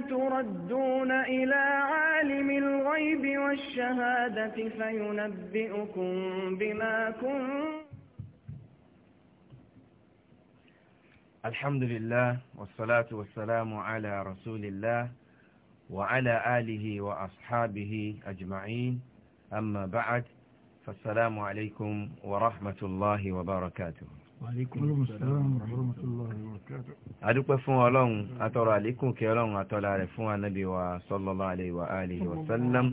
تردون إلى عالم الغيب والشهادة فينبئكم بما كنتم الحمد لله والصلاة والسلام على رسول الله وعلى آله وأصحابه أجمعين أما بعد فالسلام عليكم ورحمة الله وبركاته adúpẹ́ fún ọlọ́run atọrọ àlékún kí ọlọ́run atọ́lá rẹ̀ fún anábì wa sallallahu alaihi wa alihi wa sallam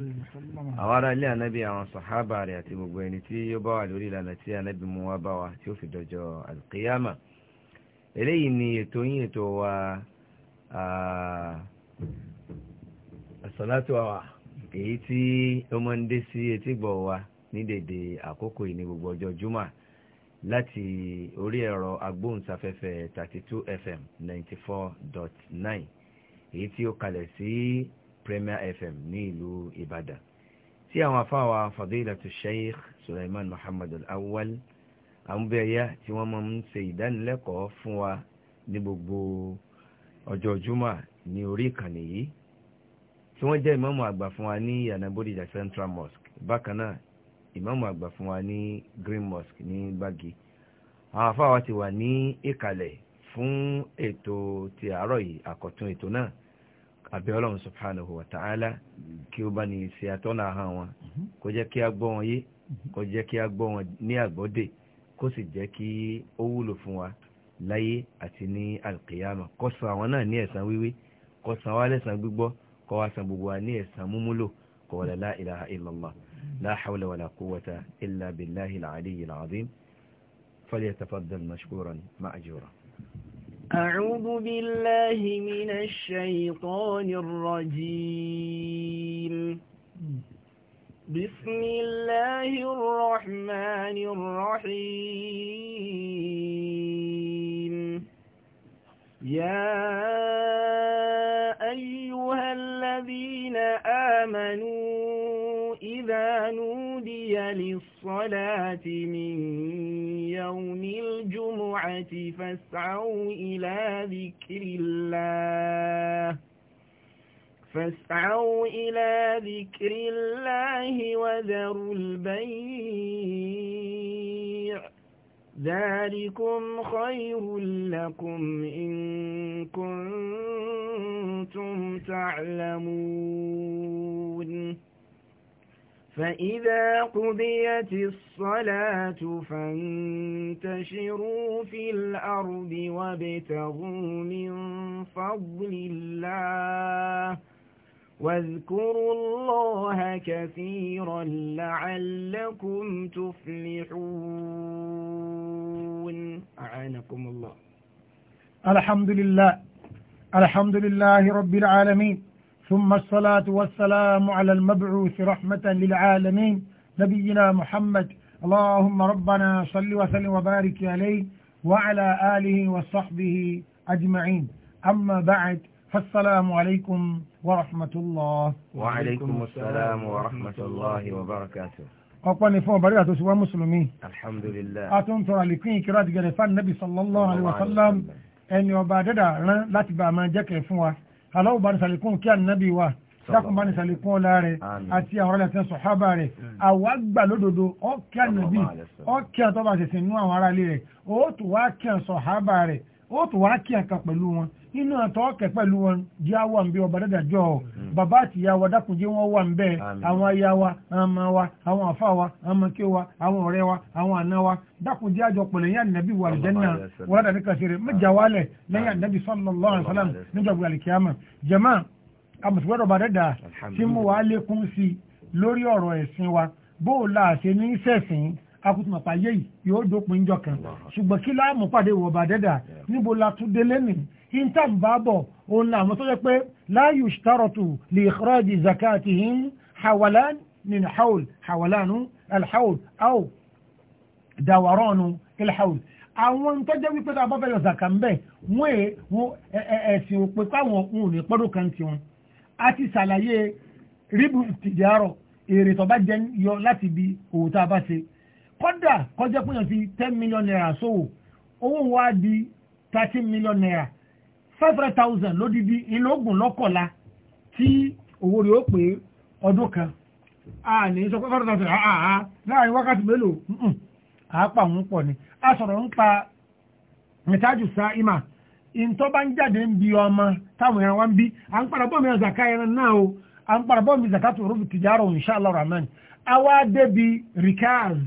àwọn ará ilé anábì àwọn sàhábà rẹ̀ àti gbogbo ẹni tí ó bá wà lórí ìlànà tí anábì mú wá bá wa tí ó fi dọjọ́ alkiyama eléyìí ni ètò yín ètò wa àsọ̀látò àwà èyí tí ó mọ́ ń dé sí etígbọ̀ wa ní dèdè àkókò yìí gbogbo ọjọ́ jùmọ̀ láti orí ẹ̀rọ agbóhùnsáfẹ́fẹ́ 32 fm 94.9 èyí tí ó kalẹ̀ sí premier fm ní ìlú ìbàdàn tí àwọn afáwa fadilatu sheikh suleiman muhammad al-awwal amúbẹ̀yà tí wọ́n máa ń ṣe ìdánilẹ́kọ̀ọ́ fún wa ní gbogbo ọjọ́ juma ní orí ìkànnì yìí tí wọ́n jẹ́ ìmáàmù àgbà fún wa ní yanabodija central mosque bákan náà ìmáàmù àgbà fún wa ní Green Mosque ní Gbági àwọn afáwa ti wà ní ìkàlẹ̀ fún ètò ti àárọ̀ yìí àkọ́tún ètò náà àbẹ̀ ọlọ́run subhanahu wa ta'ala kí ó bá ní ṣe àtọ́nà ahọ́n wọn kó jẹ́ kí a gbọ́ wọn yé kó jẹ́ kí a gbọ́ wọn ní àgbọ́dè kó sì jẹ́ kí ó wúlò fún wa láyé àti ní alkiyama kó san àwọn náà ní ẹ̀san wíwí kó san wá lẹ́san gbígbọ́ kó wá san gbogbo wa ní ẹ̀san múmúlò kó wà la ilaha illallah. لا حول ولا قوة إلا بالله العلي العظيم فليتفضل مشكورا مأجورا أعوذ بالله من الشيطان الرجيم بسم الله الرحمن الرحيم يا أيها الذين آمنوا إذا نُودِيَ لِلصَّلَاةِ مِنْ يَوْمِ الْجُمُعَةِ فَاسْعَوْا إِلَى ذِكْرِ اللَّهِ فَاسْعَوْا إِلَى ذِكْرِ اللَّهِ وَذَرُوا الْبَيْعَ ذَلِكُمْ خَيْرٌ لَكُمْ إِن كُنتُمْ تَعْلَمُونَ فإذا قضيت الصلاة فانتشروا في الأرض وابتغوا من فضل الله واذكروا الله كثيرا لعلكم تفلحون أعانكم الله الحمد لله الحمد لله رب العالمين ثم الصلاة والسلام على المبعوث رحمة للعالمين نبينا محمد اللهم ربنا صل وسلم وبارك عليه وعلى آله وصحبه أجمعين أما بعد فالسلام عليكم ورحمة الله وعليكم السلام ورحمة الله وبركاته ọ̀pọ̀ ni fún ọ̀bàrí àtọ́sí wá mùsùlùmí alhamdulillah a tún tọrọ àlékún ìkírà ti gẹ̀rẹ̀ fún nàbì sallallahu alaihi wasallam ẹni ọba dẹ́dà rán láti bá a máa jẹ́kẹ̀ fún wa aláwọ̀ bá ní sàlékún kí ànábì wa dákun bá ní sàlékún ọlá rẹ̀ àti àwọn ọ̀rẹ́lẹ̀ tẹ́sán ṣọ̀hábà rẹ̀ hmm. àwa gbà lódodo ọ̀kí ànábì ọ̀kí àtọ́bà ṣẹ̀ṣẹ̀ àwọn aráalé rẹ̀ ó wá kí àṣọ̀hábà rẹ̀ ó wá kí àkà pẹ̀lú wọn inú àtọ́ ọ̀kẹ́ pẹ̀lú wọn jẹ́ àwọ̀ àmì ọba dájọ́ ọ̀ mm. bàbá àti ìyá wa dákun jẹ́ wọ́n wà ń bẹ́ẹ̀ àwọn aya wa àwọn ọmọ wa àwọn àfa wa àwọn ọmọkẹ́ wa àwọn ọ̀rẹ́ wa àwọn àna wa dákun àjọ pẹ̀lẹ́ yẹn ànábì wà lẹ́nà wọ́n dàbí kàṣẹ́rẹ́ mẹ́jà wálẹ̀ lẹ́yìn ànábì sallallahu alaihi wasallam níjọba alikiyama jama amùsùwẹ́rọ̀ bá dẹ́dà tí mo wà á lékún sí lórí ọ̀rọ̀ ẹ̀sìn wa bó o la àṣẹ ní sẹ̀sìn akutumọ̀pá yẹ́yì yóò dópin jọ kan ṣùgbọ́n kí láàmú pàdé ìwọ̀ba dẹ́dà níbo la tún délé nìyí intan bábọ̀ òun náà àwọn tó jẹ́ pé la yushtaratu li ikhraji zakatihim hawalan min hawl hawalanu alhawl aw dawaranu alhawl àwọn tó jẹ́ wípé tá a bá fẹ́ yọ zaka ń bẹ̀ wọ́n è ẹ̀sìn òpin páwọn òun ní pọ́dún kan ti wọn a ti ṣàlàyé ríbù tìjárọ̀ èrè tó bá jẹ́ yọ láti ibi òwò tá a bá ṣe kódà kọjá pé ti ten million naira sówò owó wa di thirteen million naira five hundred thousand lódìdí ìlógún lọ́kọ̀la tí owó rẹ̀ ó pé ọdún kan a ní sọ pé five hundred thousand àá láàrin wákàtí mélòó àápà òun pọ̀ ni a sọ̀rọ̀ ń pa mẹ́tájù sa ima ìntọ́ bá ń jáde ń bi ọmọ táwọn ẹran wa ń bí à ń padà bọ́ mi ọ̀zàká ẹran náà o à ń padà bọ́ mi tó rúbi tìjárò inṣàlá rahman awa débi rikaz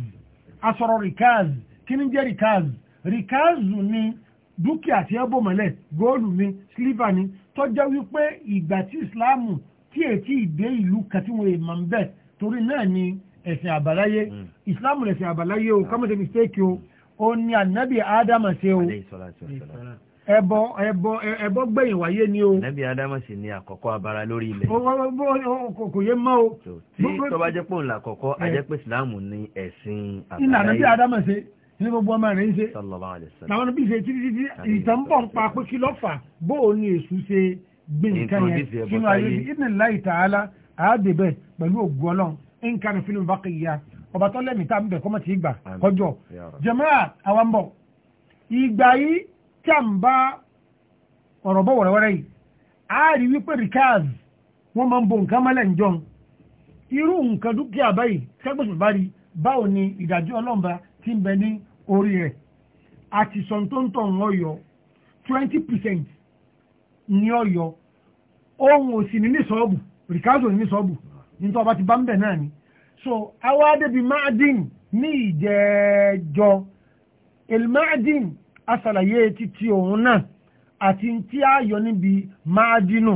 a sọ̀rọ̀ rikaz kí ni jẹ́ rikaz rikaz ni dúkìá tí ẹ bò mọ́lẹ̀ góòlù ni sílífà ni tọ́jọ́ wípé ìgbà tí ìsìláàmù tí ètí ìdé ìlú kan tí wọ́n èèmọ̀ ń bẹ̀ torí náà ni ẹ̀sìn àbáláyé hmm. ìsìláàmù lẹ̀sìn àbáláyé o hmm. kọ́mọ̀tẹ́ mistake o ó ní ànábì adam ṣe o ẹbọ ẹbọ ẹbọ gbẹ̀yìn wáyé ni o. ànábì ádámà sì ni àkọ́kọ́ abara lórí ilẹ̀. kò yé mọ́ o. tí tó bá jẹ́ pòun là kọ́kọ́ a eh. jẹ́ pé ìsìláàmù ni ẹ̀sìn àbáláyé. ìlànà bí ádámà ṣe ní gbogbo ọmọ rẹ̀ ń ṣe àwọn bí ṣe títí títí ìtàn bọ̀ ń pa pé kí ló fà bó o ní èṣù ṣe gbé nǹkan yẹn sínú ayé bí ìdílé láì tààlà àádébẹ̀ pẹ̀lú ògùn ọlọ́run nǹkan fílù bá kì í ya ọba tó lẹ́mìí tá ń bẹ̀ kọ́mọ̀ tí ì gbà jẹ̀mọ́ra àwọn bọ̀ ìgbà yìí tí à ń bá ọ̀rọ̀ bọ̀ wẹ̀rẹ̀wẹ̀rẹ̀ yìí a rí wípé rikaz wọ́n máa ń bo nǹkan mọ́lẹ̀ ń irú nǹkan dúkìá báyìí tẹ́gbẹ̀sùn bá rí báwo ni ìdájọ́ ọlọ́mba tí ń bẹ ní orí rẹ̀ àti sọ̀ǹtọ̀ǹtọ̀ ọ̀yọ́ twenty percent ní ọ̀yọ́ ohun òsì ní ní sọ́ọ̀bù rìkáàdù ní ní sọ́ọ̀bù nítorí ọba ti bá ń bẹ̀ náà ni so awa adébi maadin ní ìjẹ́jọ́ elmaadin asàlàyé títí òun náà àti tí a yọ níbi maadinu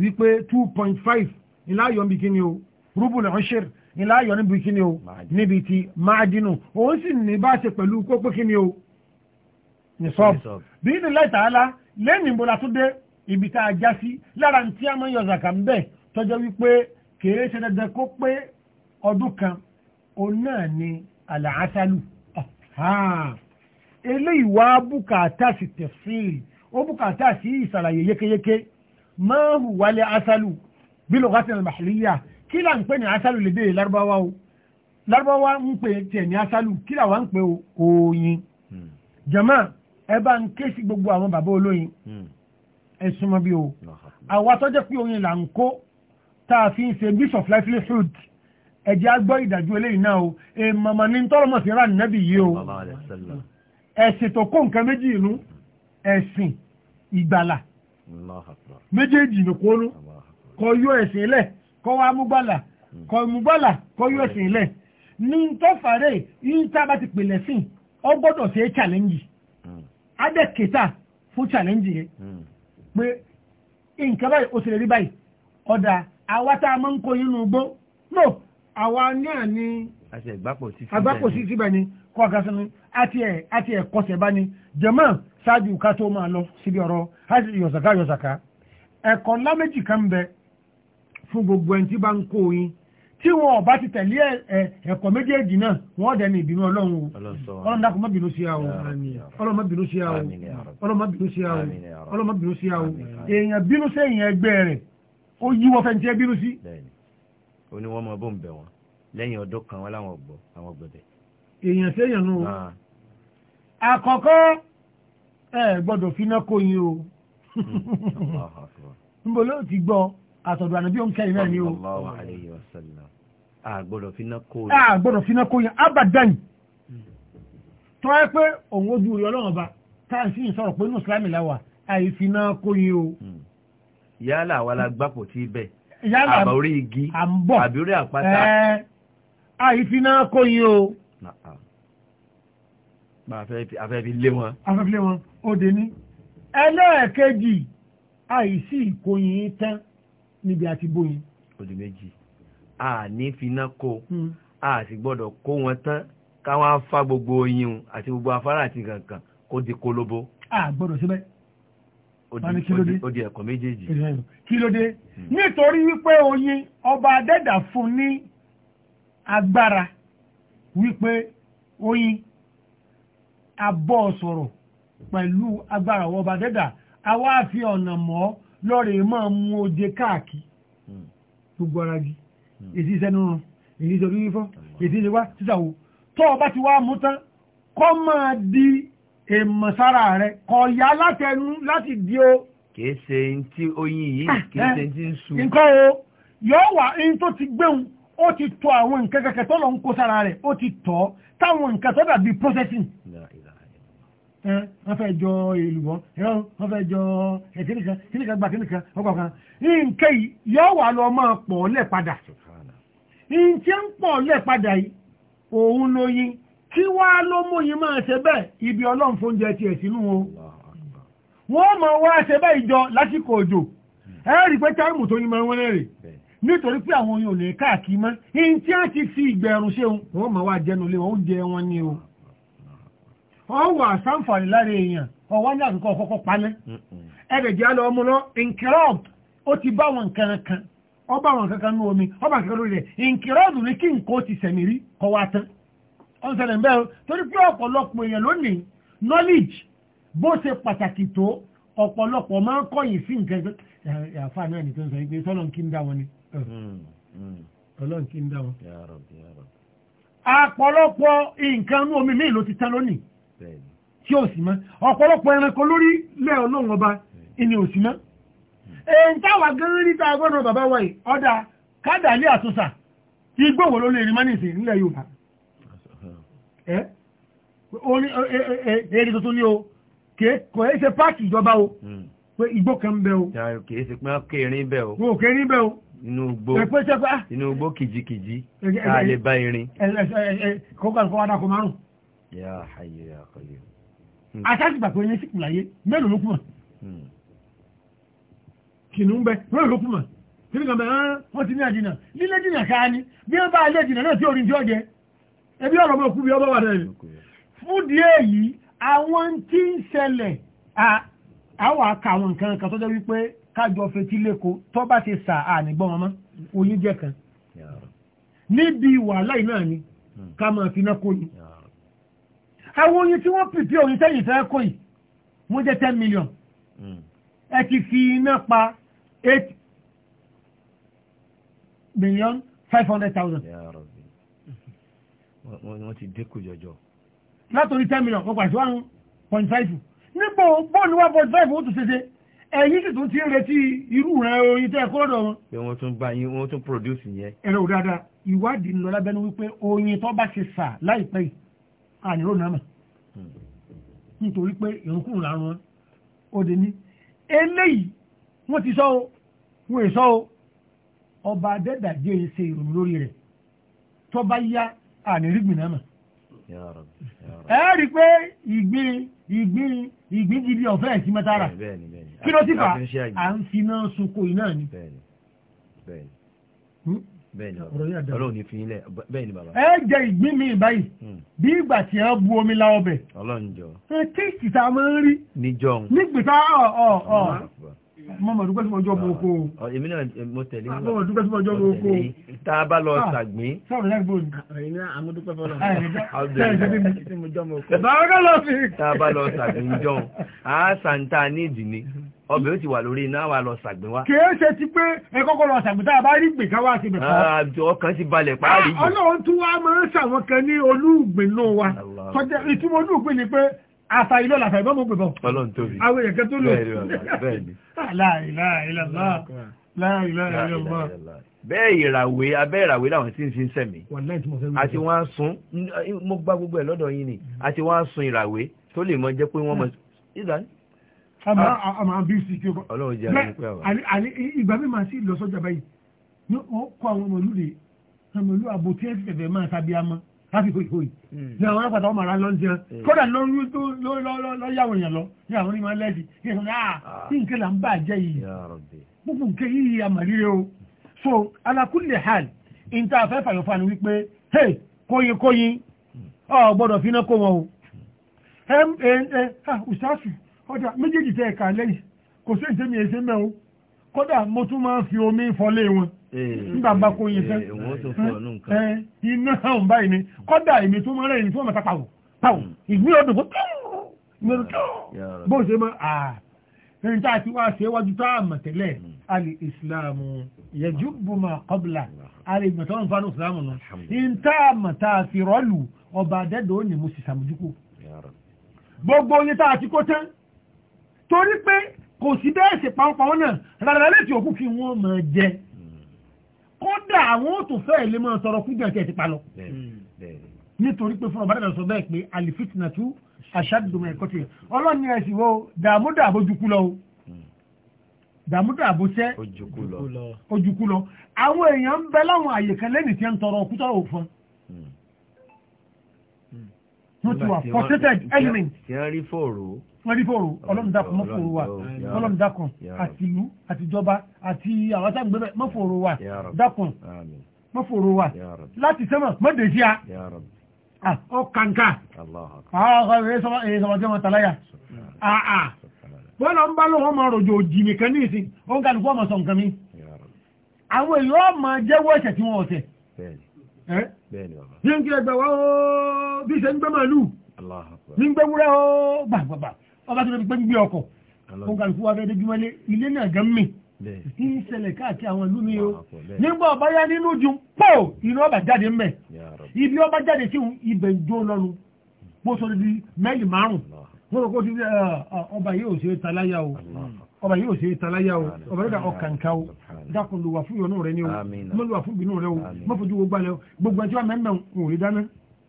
wípé two point five ní láyọ̀ níbi kíni o rúbùlù ọ̀ṣẹ́rì ilá ayọ̀ níbi kíni o níbi ti máàdínù òun sì ní bá ṣe pẹ̀lú kópé kíni o ní sọ́ọ̀bù bí ní lẹ́tà á la lẹ́yìn ìbò la tún dé ibi tá a já sí lára ní tí a máa ń yọ zàkà ń bẹ̀ tọ́jọ́ wípé kèé ṣe dandan kó pé ọdún kan òun náà ni àlàáṣálù eléyìí wá bùkátà sí tẹ̀síìlì ó bùkátà sí ìsàlàyé yékéyéké máa hùwálé aṣálù bí lọ́gàtì al-mahliyya Kila là ń pè ní asálù lédè lárúbáwá o lárúbáwá ń pè tiẹ̀ ní asálù kí là wá ń pè oyin hmm. jama ẹ bá ń ké sí gbogbo àwọn bàbá olóyin hmm. ẹ súnmọ́ bí o àwa tó pé oyin là ń kó tá a fi ń ṣe bishop of livelihood ẹ̀jẹ̀ á gbọ́ ìdájọ́ eléyìí náà o èèmọ̀ mà ní tọ́lọ́mọ̀ sí ra nẹ́bì yìí o ẹ̀sìn tó kó nǹkan méjì inú ẹ̀sìn ìgbàlà méjèèjì nìkónú kọ yọ ẹ̀sìn lẹ̀ kọ wá múgbàlà kọ́ kọ kọ́ yóò sìn lẹ̀ ní tọ́fàárẹ̀ yìí tá a bá ti ọ gbọdọ ṣe challenge hmm. adẹ́kẹta fún challenge yẹn hmm. pé nǹkan báyìí ó ti lè rí báyìí ọ̀dà àwa tá a máa ń kó inú gbó no àwa náà ni agbápò ni kọ́ ọ̀gá sínú àti ẹ̀ bá ni jẹ̀mọ́ ṣáájú lọ síbi ọ̀rọ̀ yọ̀sàká yọ̀sàká ẹ̀kọ́ ńlá méjì kan bẹ́ẹ̀. fún gbogbo ẹni tí bá ń kó yín tí wọn ò bá ti tẹ̀lé ẹ̀kọ́ méjèèjì náà wọ́n dẹ̀ ní ìbínú ọlọ́run o ọlọ́run dákun má bínú sí a o ọlọ́run má bínú sí a o ọlọ́run má bínú sí a o ọlọ́run má bínú sí a o èèyàn bínú sí èèyàn ẹgbẹ́ rẹ̀ ó yí wọ́n fẹ́ntì bínú sí. ó ní wọ́n mọ bó ń bẹ̀ wọ́n lẹ́yìn ọdún kan wọn láwọn ọ̀gbọ́ àwọn ọ̀gbẹ̀bẹ̀. èèyàn séèyàn nù ah. àkọ́kọ́ ẹ gbọ́dọ̀ fi náà o hmm. nbọ̀lọ́ ti gbọ́ àtọ̀dọ̀ ànàbí òun kẹrin náà ni o. àgbọ̀dọ̀ finá kó yẹn. àgbọ̀dọ̀ finá kó yẹn abadan tó wáyé pé òun ojú rí ọlọ́run ọba táà sì ń sọ̀rọ̀ pé inú islámì láwà àì finá kó yẹn o. Hmm. yálà wa la gbapò tí bẹ́ẹ̀ àbá orí igi àbí orí àpáta. àì finá kó yẹn o. afẹ́ fi lé wọn. afẹ́ fi lé wọn ó dé ní. ẹlẹ́ẹ̀kejì àìsí ìkóyin tán níbi àti bóyin. òdì méjì a ní finá kó hmm. a sì gbọ́dọ̀ kó wọn tán káwọn afá gbogbo oyin àti gbogbo afárá àti kankan kó di kólóbó. a gbọ́dọ̀ síbẹ̀. ó di ẹ̀kọ́ méjèèjì. kí ló dé hmm. nítorí wípé oyin ọba adẹ́dà fún ní agbára wípé oyin abọ́ sọ̀rọ̀ pẹ̀lú agbára ọba adẹ́dà àwa fi ọ̀nà mọ́ lọ́rẹ̀ máa mú oje káàkiri hmm. gbogbo ara gi hmm. èsì ìṣẹ́nu rán èyí ìṣẹ́ orí fọ́ hmm. èsì ìṣẹ́ wá sísàwò tó ọba ti wá mú tán kọ́ máa di èèmọ̀ sára rẹ̀ kọ̀ yá látẹnu láti di o. kìí ṣe ń tí oyin yìí ah, kìí ṣe ń eh. tí ń sun. nǹkan o yóò wà ń tó ti gbéhùn ó ti tọ àwọn nǹkan kẹkẹ tó lọ ń kó sára rẹ̀ ó ti tọ́ táwọn nǹkan tó dàbí processing wọ́n fẹ́ jọ èlùbọ́ wọ́n fẹ́ jọ ẹ̀kíníkan kíníkan gba kíníkan ọkọ̀ kan nǹkan yìí yóò wà lọ máa pọ̀ lẹ̀ padà nǹkan ń pọ̀ lẹ̀ padà yìí òun lóyin kí wá ló móyin máa ṣe bẹ́ẹ̀ ibi ọlọ́run fóúnjẹ tiẹ̀ sínú o wọ́n máa wá ṣe bẹ́ẹ̀ ìjọ lásìkò òjò ẹ rí pé táìmù tó yín máa wọ́n lẹ́rìí nítorí pé àwọn oyin ò lè káàkiri mọ́ nǹkan ti fi ìgbẹ̀rún ṣe wọn máa wá jẹnu lé wọn ó jẹ wọn ni o. Wow ọwọ́ àsánfàní lára èèyàn ọwọ́ ní àkókò ọkọ̀kọ́ palẹ́ ẹgbẹ̀jẹ́ alọ́ ọmọ lọ inkirab ó ti bá wọn nǹkan kan ọba wọn kankan ní omi ọba kankan lórí rẹ̀ inkirab ní kí nǹkan ó ti sẹ̀mí rí kọ́ wa tán ọ̀n sẹlẹ̀ bẹ́ẹ̀ torí pé ọ̀pọ̀lọpọ̀ èèyàn lónìí knowledge bó ṣe pàtàkì tó ọ̀pọ̀lọpọ̀ máa ń kọ̀yìn sí nǹkan àfa náà ní tó ń sọ pé sọ́lọ́n kí ń dá wọn ni ọlọ́run kí ń dá wọn. àpọ̀lọpọ̀ nǹkan ní omi míì ló ti tán lónìí tí ò sí mọ́ ọ̀pọ̀lọpọ̀ ẹranko lórí lẹ́ ọlọ́run ọba ìní ò sí mọ́ hmm. èyí táwà gẹ́rẹ́ níta agbọ́dọ̀ bàbá wa yìí ọ̀dà kádàlẹ́ àtúnṣà tí gbòwò ló lè rí mánìsì nílẹ̀ Yorùbá èrè tuntun ni o kò é ṣe páàkì ìjọba o hmm. pé igbó kan ń bẹ o kì í ṣe pé kéèrín bẹ o kò kéèrín bẹ o inú igbó ah. kìjikìji ká lè bá irin kókàlùkọ́ wádàkọ̀ márùn-ún yà hayyu yà qayyum. Hmm. àtàkì gbàgbọ́ yẹn sì kù láyé mélòó ló kù mọ̀ hmm. kìnnìún bẹ mélòó ló kù mọ̀ níbi kan bẹ hàn wọ́n ti ní àjìnà lílé jìnà káà ni bí wọ́n bá ilé jìnà náà tí orin tí ó jẹ ẹbí ọ̀rọ̀ mọ̀ kú bí ọba wà náà ni. fún díẹ̀ yìí àwọn tí ń ṣẹlẹ̀ àwọn àka àwọn nǹkan kan tó jẹ́ wípé kájọ fetí lẹ́kọ̀ọ́ tó bá ti sà á nígbọ́n wọn mọ́ oyin jẹ́ kan níbi wàhálà yìí náà ni hmm. ká máa fi náà kó yìí àwọn oyin tí wọ́n pìpì oyin tẹ́yìn fẹ́ kó yìí wọ́n jẹ́ ten million hmm. ẹ ti fi iná pa eight million five hundred thousand. wọ́n ti dínkù jọjọ. látòrí ten million wọ́n pàṣẹ one point five níbo bọ́ọ̀lù one point five ó tún ṣe ṣe ẹ̀yìn sì tún ti ń retí irú rẹ̀ oyin tẹ́ kó lọ́dọ̀ wọn. pé wọ́n tún bá yín wọ́n tún produce yẹn. ẹ̀rọ dáadáa ìwádìí ń lọ lábẹ́nu wípé oyin tó bá ti sà láìpẹ́ yìí àníró nàmà nítorí pé ìrúnkúrò lárun ó ní eléyìí wọ́n ti sọ wọ́n èso ọba adẹ́dà jẹ́ ṣe ìrònú lórí rẹ̀ tó bá yá ànírígbìn náà ẹ rí pé ìgbín ìgbín ìgbín gidi ọ̀fẹ́ ẹ̀sìn mẹ́tara kí ló ti fà á ń fi sunko iná ni. Hmm? bẹ́ẹ̀ni Ọlọ́run ní fi ilẹ̀ bẹ́ẹ̀ni bàbá. ẹ jẹ ìgbín mi báyìí hmm. bí ìgbà tí wọn bu omi la ọbẹ̀. Ọlọ́run jọ. ẹ tíìsì tá a máa ń rí. níjọ. nígbìtá ọ̀ ọ̀ ọ̀ mọ́mọ̀ dúpẹ́ símọ̀ ọjọ́ ah, boko o. èmi náà eh, mo tẹ̀lé wọn. Ah, mọ́mọ̀ dúpẹ́ símọ̀ ọjọ́ boko o. tá a bá lọ sàgbín. sọ̀rọ̀ lẹ́gbẹ̀ẹ́ bò ní. èmi náà àmọ́ dúpẹ́ fọlọ́. Ah, bàbá lọ sí. tá a bá lọ sàgbín jọ a santa ní ìdíní ọbẹ̀ ó ti wà lórí iná wa lọ sàgbín wa. kì í ṣe ti pé ẹ kọ́kọ́ lọ sàgbín tá a bá rí gbè ká wá sí ibẹ̀ kan. ọkàn ti balẹ̀ páàrí. ọlọ́run tún wá máa ń ṣàwọn kan ní olúùgbìn náà wa. ìtumọ̀ olúùgbìn ni pé afa ilọ́ làfà ìbọn mú pẹ̀bọ̀ àwọn èèyàn kẹ́ tó lò bẹ́ẹ̀ ìràwé abẹ́ ìràwé làwọn tí ń fi ń sẹ̀mí àti wọ́n á sun mo gbá gbogbo ẹ̀ lọ́dọ̀ yín ni àti wọ́n á sun ìràwé tó lè mọ jẹ́ pé wọ́n mọ ìdáni àmà ah. bí sí kí o kọ́. ọlọ́run jẹ́ àmì pé àwọn. àní ìgbà mi máa sí ìlọsọjà báyìí ní wọ́n kọ́ àwọn ọmọlúre ọmọlú àbòtí ẹ̀sìn ẹ̀fẹ̀ máa sábíà mọ́ láti fò ìfòyì ní àwọn ọlọ́pàá ọmọ ara lọ́njẹ hmm. kódà lórí tó lọ́yàwó èèyàn lọ ní àwọn onímọ̀ lẹ́ẹ̀dì ní ìsọ̀rọ̀ náà tí nǹkan là ń bà jẹ́ yìí gbogbo nǹkan yìí àmàlíre o so alákùnlé hàn ìta afẹ́fà yóò fani wípé hey kóyin kóyin hmm. ọ gbọ́dọ̀ fi iná kó wọn o ṣáàfì ọjà méjèèjì tẹ ẹ̀ka lẹ́yìn kò sí ìsẹ́mi ẹ̀sẹ̀ mẹ́ o kódà mo tún máa ń fi omi fọlé wọn nígbà bá kó yin fẹ́ eh, eh, eh, iná ọ̀hún báyìí ni kọ́dà èmi tó mọ́ra èyí tó mọ́ta pàwọ̀ pàwọ̀ hmm. ìgbé ọdún fún bó ṣe mọ́ à ẹni tá a ti wá ṣe wájú tá a mọ̀ tẹ́lẹ̀ alì ìsìláàmù yẹjú bùmọ̀ kọ́bùlà alì ìgbẹ̀tọ́ ń fanú ìsìláàmù nù ní tá a mọ̀ tá a fi rọ́ọ̀lù ọba àdẹ́dọ̀ ni mo sì sàmójúkú gbogbo oyin tá a ti kó tán torí pé kò sí bẹ́ẹ̀ ṣe pàápàá náà rárá létí kódà àwọn òtún fẹ́ ilé máa tọrọ kújọ àti ẹ̀tìpa lọ nítorí pé fúnra bàdàdà sọ bẹ́ẹ̀ pé àlìfitìnà tú aṣáàdùnmọ̀ ẹ̀kọ́ tiẹ̀ ọlọ́run ní ẹ̀sìn wo dààmúdà àbójúkú lọ o hmm. dààmúdà àbóṣẹ́ ojúkú lọ àwọn èèyàn ń bẹ láwọn àyè kan lẹ́nìí tí ń tọrọ kútọ́rọ̀ òfin hmm. hmm. wọ́n ti wà frustrated element. ti ń rí fòrò wọ́n rí fòrò ọlọ́mùdàkùn mọ́fòrò wa ọlọ́mùdàkùn àtìlú àtìjọba àti àwọn àtàgbẹ́bẹ̀ mọ́fòrò wa dákùn mọ́fòrò wa láti sẹ́mọ̀ mọ́dé sí a ọkànkà àwọn tàláyà àà bọ́ọ̀lù ń bá lọ́wọ́ máa rojo òjì nìkan ní ìsìn ó ń kàlùkù ọmọ sọ nǹkan mi àwọn èèyàn máa jẹ́wọ́ ẹ̀ṣẹ̀ tí wọ́n ọ̀sẹ̀ bí n kí ẹgbẹ̀ wọ́n bí ṣe ń gbẹ́ màálù ní gbẹ́wúrẹ́ ó gbàgbàgbà ọba tó lórí pé gbígbé ọkọ̀ fún kàlùkù wa fẹ́ déjú wọlé ilé náà gan mi kí n ṣẹlẹ̀ káàkiri àwọn ìlú mi o nígbà ọba yá nínú ju pọ̀ inú ọba jáde ń bẹ̀ ibi ọba jáde sí ibẹ̀ jó lọ́nu bó sọ di mẹ́lì márùn wọ́n rò kó ti ọba yìí ò ṣe é taláyà o ọba yìí ò ṣe é taláyà o ọba yìí ò ọkànkà o dákun lùwà fún ìyọnú rẹ ni o mọ́lùwà fún ìbínú rẹ o mọ́fojú gbogbo alẹ́ o gbogbo ẹjọ́ mẹ́mẹ́ ń dáná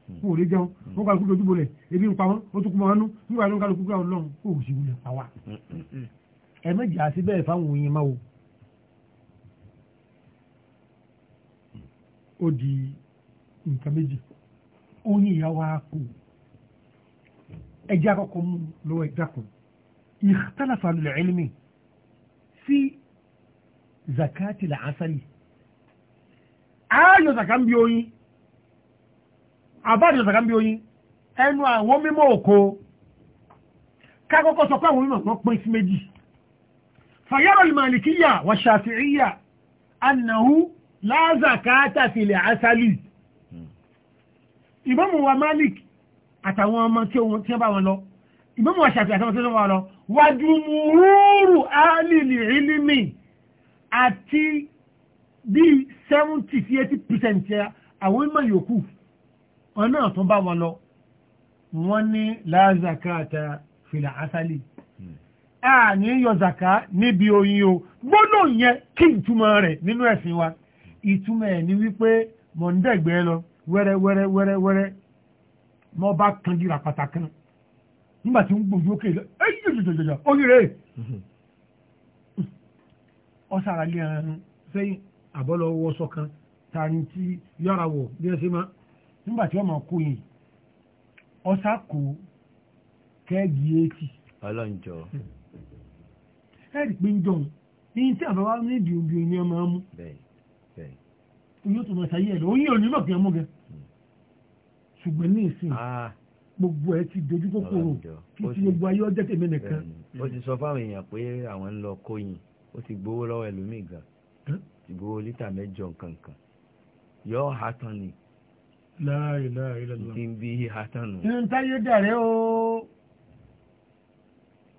wọn ò lè jẹun wọn kàlùkù dojú bolẹ̀ ebi ń pa wọn ó tún kú mọ wọn nú nígbà tó ń kàlùkù gbà Ọlọ́run kó o sì wulẹ̀ pa wa. ẹ méjì àti bẹ́ẹ̀ fáwọn oyin máa wo. ó di nǹkan méjì oyin ìyá wa kù ẹjẹ àkọ́kọ́ mú lọ́wọ́ ẹjẹ kan ikhtalafa al-ilmi fi zakati la asali. ayọ̀ zakambi oyin àbáàdì lọ́sàkà ń bí oyin ẹnu àwọn mímọ́ òkó kákọ́kọ́ sọ pé àwọn mímọ̀ wọ́n pín sí méjì fàyàrọ̀ ìmàlìkíyà wà ṣàfihíyà annahu la zakata fil asali ìmọ̀mù wa malik àtàwọn ọmọ tí wọ́n bá wọn lọ ìmọ̀mù wa ṣàfihà àtàwọn tí wọ́n wọn lọ wà jùmúrú alìlì ìlìmì àti bí 70-80% àwọn ìmọ̀ yòókù wọn náà tún bá wọn lọ wọ́n ní atara fìlà asálì a ní yọ zàká níbi oyin o gbọ́nà yẹn kí ìtumọ̀ rẹ̀ nínú ẹ̀sìn wa ìtumọ̀ ẹ̀ ni wípé mọ̀ ń dẹ̀gbẹ́ lọ wẹ́rẹ́ wẹ́rẹ́ wẹ́rẹ́ wẹ́rẹ́ mọ́ bá kanjú pàtàkì nígbà tí ń gbòjú òkè lọ ẹ̀yí jòjòjòjò oyire ọ̀sára lé sẹ́yìn àbọ̀lọ́wọ́sọ kan tàǹtí yàrá wọ̀ bí ẹ ṣe máa nígbà tí wọ́n máa kó yẹn ọ̀sà kó kẹ́ẹ̀gì eighty. ọlọ́njọ́. ẹ rí i pé ń jọun ní tí àbáwá nídìí obì oyin ọmọ ọmú. bẹ́ẹ̀ bẹ́ẹ̀. oyún tó máa ṣayé ẹ̀ lọ oyin ò ní lọ́ọ̀kì ọmọ gẹ̀. Hmm. ṣùgbọ́n ní ìsìn ah. gbogbo ẹ ti dojú kòkòrò títí gbogbo ayé ọjọ́ tèmi nìkan. ó ti sọ fáwọn èèyàn pé àwọn ń lọ kóyin ó ti gbowó lọ́wọ́ ẹlòmíì gan ti gbowó lítà mẹ́jọ nǹkan kan yọ ọ́ La ilaha illallah. Tí ń bí ihà tánù. Inú táyé o,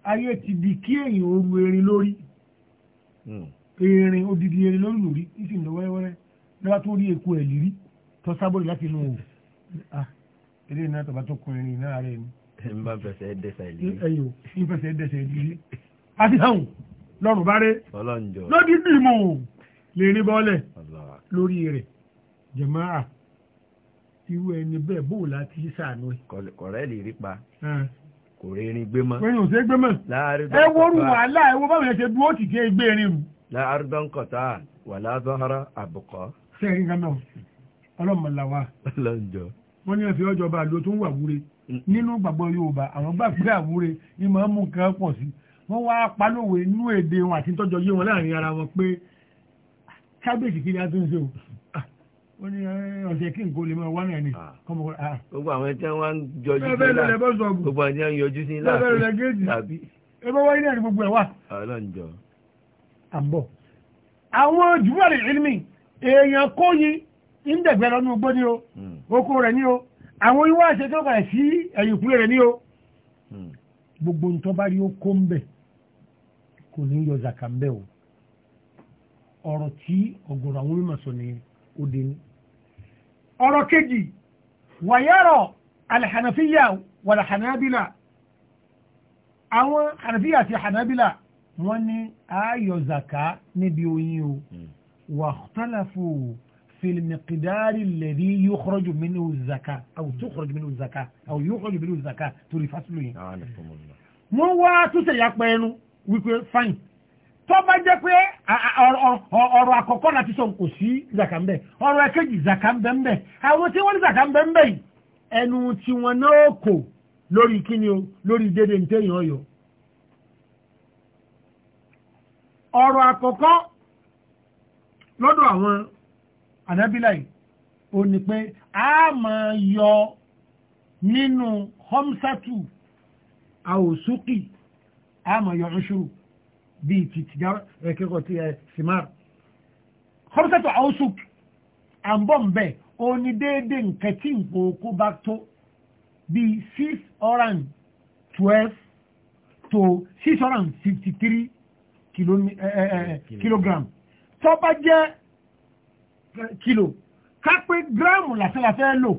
ayé ti di kí èyàn ogun erin lórí. Hmm. Erin odidi erin lórí lórí, ìsìn lọ wẹ́rẹ́wẹ́rẹ́, lọ́wọ́ tó rí eku ẹ̀ lírí, tó sábòrì láti inú òwò. Ah, eré iná tọba tó kun erin náà rẹ̀ ni. Ẹ ń bá fẹsẹ̀ dẹ́sẹ̀ ìlú. Ẹyọ, ń fẹsẹ̀ dẹ́sẹ̀ ìlú. A ti hàn lọ́rùn bá rẹ̀. Ọlọ́njọ́. Lódì bímọ lè rí bọ́ọ̀lẹ̀ lórí rẹ̀. Jẹ̀máà irú ẹni bẹ́ẹ̀ bó láti ṣàánú ẹ̀. kọ̀rẹ́ lè rí pa kò rí irin gbé mọ́. pẹ̀lú é gbé mọ́. ẹ wọ́rù wàhálà ẹ wọ́n báwọn yẹn ṣe dúró tìjẹ́ gbé irin mu. láàrúdọ́ ń kọ̀tà wà lázọ́hárá àbùkọ́. sẹ́yìn nǹkan náà ọlọ́mọláwa. ọlọ́njọ́. wọ́n ní ẹ̀fẹ́ ọjọ́ bá lo tó ń wà wúre nínú gbàgbọ́ Yorùbá àwọn gbà pé àwúre ni màá mú nǹkan pọ̀ sí wọ́n wá palówe inú èdè wọn àti tọ́jọ́ yé wọn láàrin ara wọn pé kábíyèsí kiri á o ó ní eh, ọ̀sẹ̀ kí nǹkan olè máa wá náà ni. Ah. Ah. gbogbo àwọn tí wọn ń yọjú sí ńlá gbogbo àwọn wọn ń yọjú sí ńlá tàbí. ebe wáyé náà ni gbogbo ẹ wà. Ah, ọlọ́njọ. àbọ̀ àwọn jùwọ́rì ìlmi èèyàn kó yí ìndẹ̀gbẹ́ lọ́nu ogbó ni o hmm. oko rẹ̀ ni o àwọn iwá àṣẹ tó bàrẹ̀ sí ẹ̀yìnkúlẹ̀ rẹ̀ ni o hmm. gbogbo ń tọ́ba rí ó ń bẹ̀ kò ní yọ zaka ń bẹ̀ o ọ̀rọ̀ tí ọ̀gọ̀rọ̀ àwọn mímọ̀ sọ ni ó dé ní ọ̀rọ̀ kejì wàyẹ́rọ̀ alhànàfíyà wàlà hànàbílà àwọn hànàfíyà àti hànàbílà wọ́n ní ayọ̀ zaka níbi oyin o wà tálàfò fìlìmìkìdárì lẹ́rí yóò kọ́rọ́jù mínú zaka àwọn tó kọ́rọ́jù mínú zaka àwọn yóò kọ́rọ́jù mínú zaka torí fásilò yẹn wọ́n wá túnṣe yàpẹ́ ẹnu wípé fine tó bá jẹ́ pé ọ̀rọ̀ àkọ́kọ́ láti sọ kò sí zaka ńbẹ ọ̀rọ̀ ẹ̀kejì zaka ńbẹ ńbẹ àwọn tí wọ́n ní zaka ńbẹ ńbẹ yìí ẹnu tí wọn náà kò lórí kíni o lórí dédé ntẹ́yìn ọ̀yọ́. ọ̀rọ̀ àkọ́kọ́ lọ́dọ̀ àwọn ànábílà yìí ní pé a máa yọ nínú homsatu àwòsókì a máa yọ ọ̀ṣùrù bíi ti tìjára kíkọ ti simar kọ́mísẹ́tò ausuk àbọ̀m̀bẹ̀ ó ní déédéé nǹkan tí nǹkan oko bá tó bíi six oran twelve to six oran fifty three kilogram tó bá jẹ́ kilo kápé gíráàmù làfẹ́làfẹ́ lò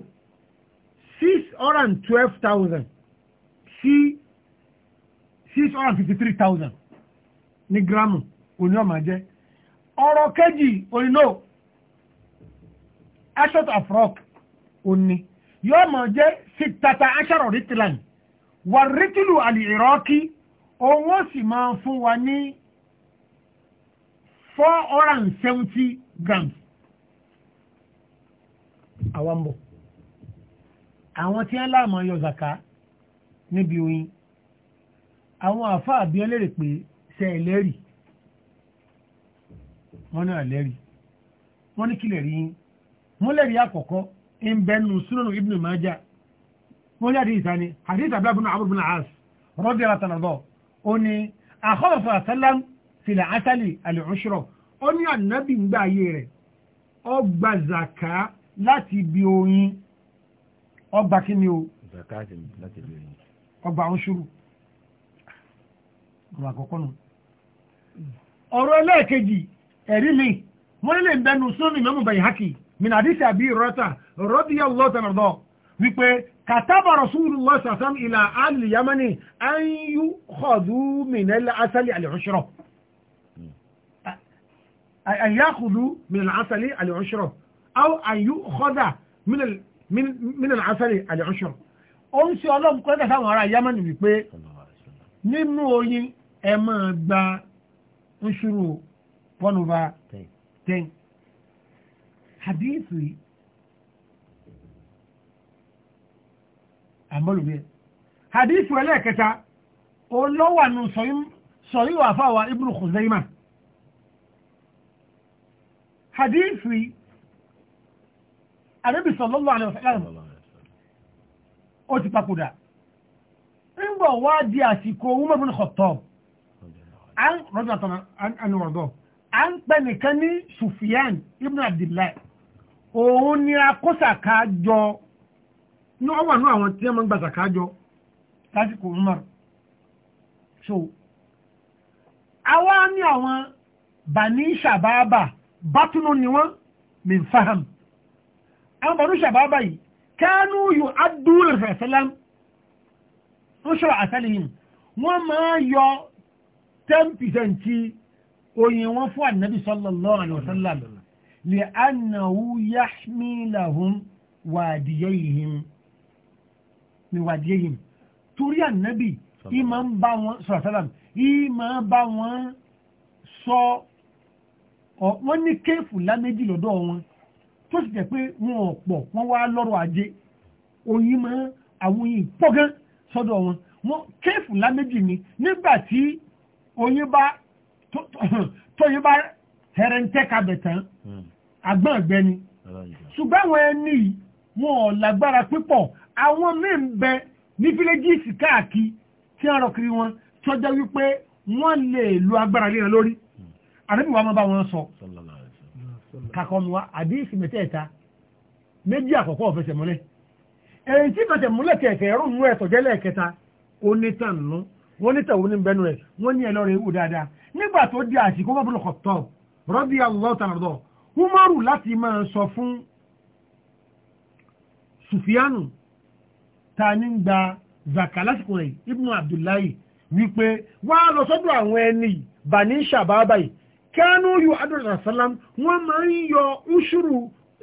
six hundred and twelve thousand sí six hundred and fifty three thousand ní gíráàmù òní ọ̀mà jẹ́ ọ̀rọ̀ kejì òní no asset of rock òní yóò mọ̀ jẹ́ sitata asharọ̀ ritilan wà ritilu àlè ìrọ́kí òun ó sì máa fún wa ní four hundred and seventy grams àwọn ń bọ̀ àwọn tí wọ́n láàmú yọ zaka níbi oyin àwọn àfáà bí ẹlẹ́rìí pé ṣe ẹlẹ́rì wọ́n ní àlẹ́rì wọ́n ní kílẹ̀ rí yín wọ́n lẹ́rì àkọ́kọ́ ń bẹnu súnúnù ibn Majah wọ́n ní àdìsá ni àdìsá bí abúlé abúlé as rọ́dí ara tàn lọ́dọ̀ ó ní àkọ́lọ́fà sálám sílẹ̀ átàlì àlẹ́ọ̀ṣọ́rọ̀ ó ní ànábì gbà ayé rẹ̀ ó gba zàká láti ibi oyin ó gba kí o ó gba oṣù ọ̀rọ̀ àkọ́kọ́ nù ọ̀rọ̀ ẹlẹ́ẹ̀kejì ẹ̀rí mi wọ́n nílé ń bẹnu sómi mẹ́mú bẹ̀yìn hákì min hadisi àbí rọ́tà radiyallahu ta'ala anhu wípé kataba rasulullah sàsám ìlà àlì yamani an yukhadhu min al-asali al-ushra an yakhudhu min al-asali al-ushra aw an yukhadha min al-asali al-ushra ó ń ṣe ọlọ́pù kọ́ta sáwọn ará yamani nṣúrù one over ten hadithi àmọ́lùmí hadithi ẹlẹ́ẹ̀kẹta olówànú sọ̀yí wà fáwà ibn Khuzaimah hadithi ànábì sallallahu alaihi wasallam ó ti papòdà ń bọ̀ wá di àsìkò Umar ibn Khattab rọ́jò àtàrà ànúwọ̀dọ̀ à ń pẹ́ nìkan ní Sufyan ibn Abdullahi òun ni akọ́sàkájọ ní ọwọ́ àánú àwọn tí wọ́n gbà sàkájọ lásìkò Umar so àwa ní àwọn bani sàbábà bátúnú ni wọ́n min faham àwọn bani sàbábà yìí kánú yóò adúrú rẹ̀ sẹ́lẹ̀m ń ṣọ́ àtàlẹ́yìn wọ́n máa yọ ten percent oyin wọn fún ànábì sallallahu alaihi wasallam li annahu yahmi lahum wàdíyẹ́yìn ni wàdíyẹ́yìn torí ànábì ìmọ̀ ń bá wọn sọ̀rọ̀ sálàm ìmọ̀ bá wọn sọ wọ́n ní kéèfù láméjì lọ́dọ̀ wọn tó sì jẹ́ pé wọn ò pọ̀ wọ́n wá lọ́rọ̀ ajé oyin mọ́ àwọn oyin pọ̀ gan sọ́dọ̀ wọn wọn kéèfù láméjì ni nígbà tí oyin bá tóyin bá hẹrẹǹtẹ́ kabẹ̀ tán hmm. àgbọn ọ̀gbẹ́ ni ṣùgbọ́n àwọn ẹni wọn ò lágbára púpọ̀ àwọn míì ń bẹ ní fílẹ́jìsì káàkiri tí wọ́n rọ kiri wọn tọ́jọ́ wípé wọ́n lè lo agbára lé wọn lórí hmm. àdébí wa máa bá wọn sọ kakọ́ àdéhìsì mẹ́tẹ̀ẹ̀ta méjì àkọ́kọ́ ọ̀fẹsẹ̀ èyí tí fẹsẹ̀ mọ́lẹ̀ kẹ̀kẹ́ rún mú ẹ̀tọ́ jẹ́lẹ̀ nù wọ́n ní tẹ̀wọ́n ní bẹ́nu rẹ̀ wọ́n ní ẹlọ́rẹ̀ ewu dáadáa nígbà tó di àsìkò bá bọ́lọ̀ kọ̀tọ̀ rọ́bì alọ́tàlọ́dọ̀ húmọ́rù láti máa sọ fún sùfíánù ta ní gba zaka lásìkò rẹ̀ ibnu abdullahi wípé wá lọ sọ́dọ̀ àwọn ẹni bani sàbábà yìí kánú yóò adúlọ̀ sálám wọ́n máa ń yọ uṣuru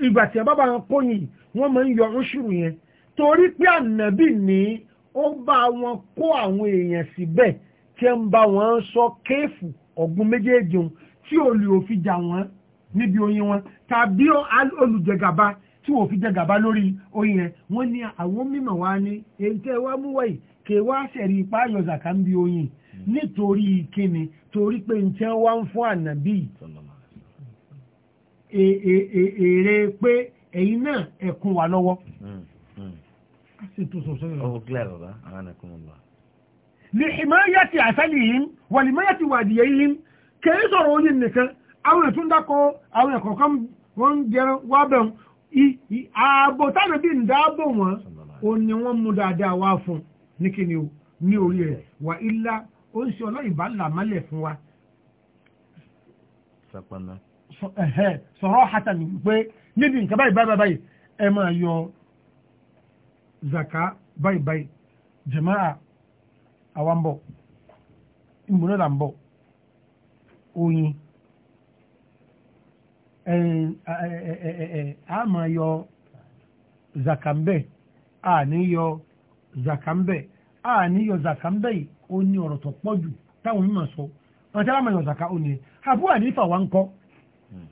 ìgbà tí a bá bá wọn kóyin wọ́n máa ń yọ uṣuru yẹn torí pé ànàbì ní ó bá wọn kó àwọn èèyàn síbẹ̀ tí ń bá wọn sọ kéèfù ọ̀gbun méjèèjì wọn tí olè ò fi jà wọn níbi oyin wọn tàbí olùjẹgàba tí wọ́n fi jẹgàba lórí oyin yẹn wọ́n ní àwọn mímọ̀ wá ní èyí tẹ́ wá mú wáyìí kè wá sẹ̀rí ipá ayọ̀zà kan bí oyin hmm. nítorí kíni torí pé n wá ń fún ànàbí èrè pé ẹ̀yin náà ẹ̀kún wà lọ́wọ́. Hmm lìhìmáyàtì àṣálìhìn wàlìmáyàtì wàdìyàyìn kìí sọ̀rọ̀ oní nìkan àwọn ètò ń dákọ̀ àwọn ẹ̀kọ̀ọ̀kan wọ́n ń jẹran wá bẹ̀rún ààbò tánà bí ìdáàbò wọn o ni wọ́n mú dáadáa wá fún ní kíni o ní orí rẹ̀ wà ilá ó ń ṣe ọlọ́yìn bá là mọ́lẹ̀ fún wa. sọ̀rọ̀ hàtàmì pé níbi nǹkan báyìí báyìí ẹ máa yọ zaka báyìí báyìí jamaa àwa ń bọ̀ ìmúná là oyin a máa yọ zaka ń a ni yọ zaka ń a ah, ni yọ zaka ń bẹ̀ yìí ó ní ọ̀rọ̀ tó pọ̀ jù táwọn mímọ̀ sọ wọn a máa yọ zaka ó ní àbúrò ànífà wa ń kọ́ hmm.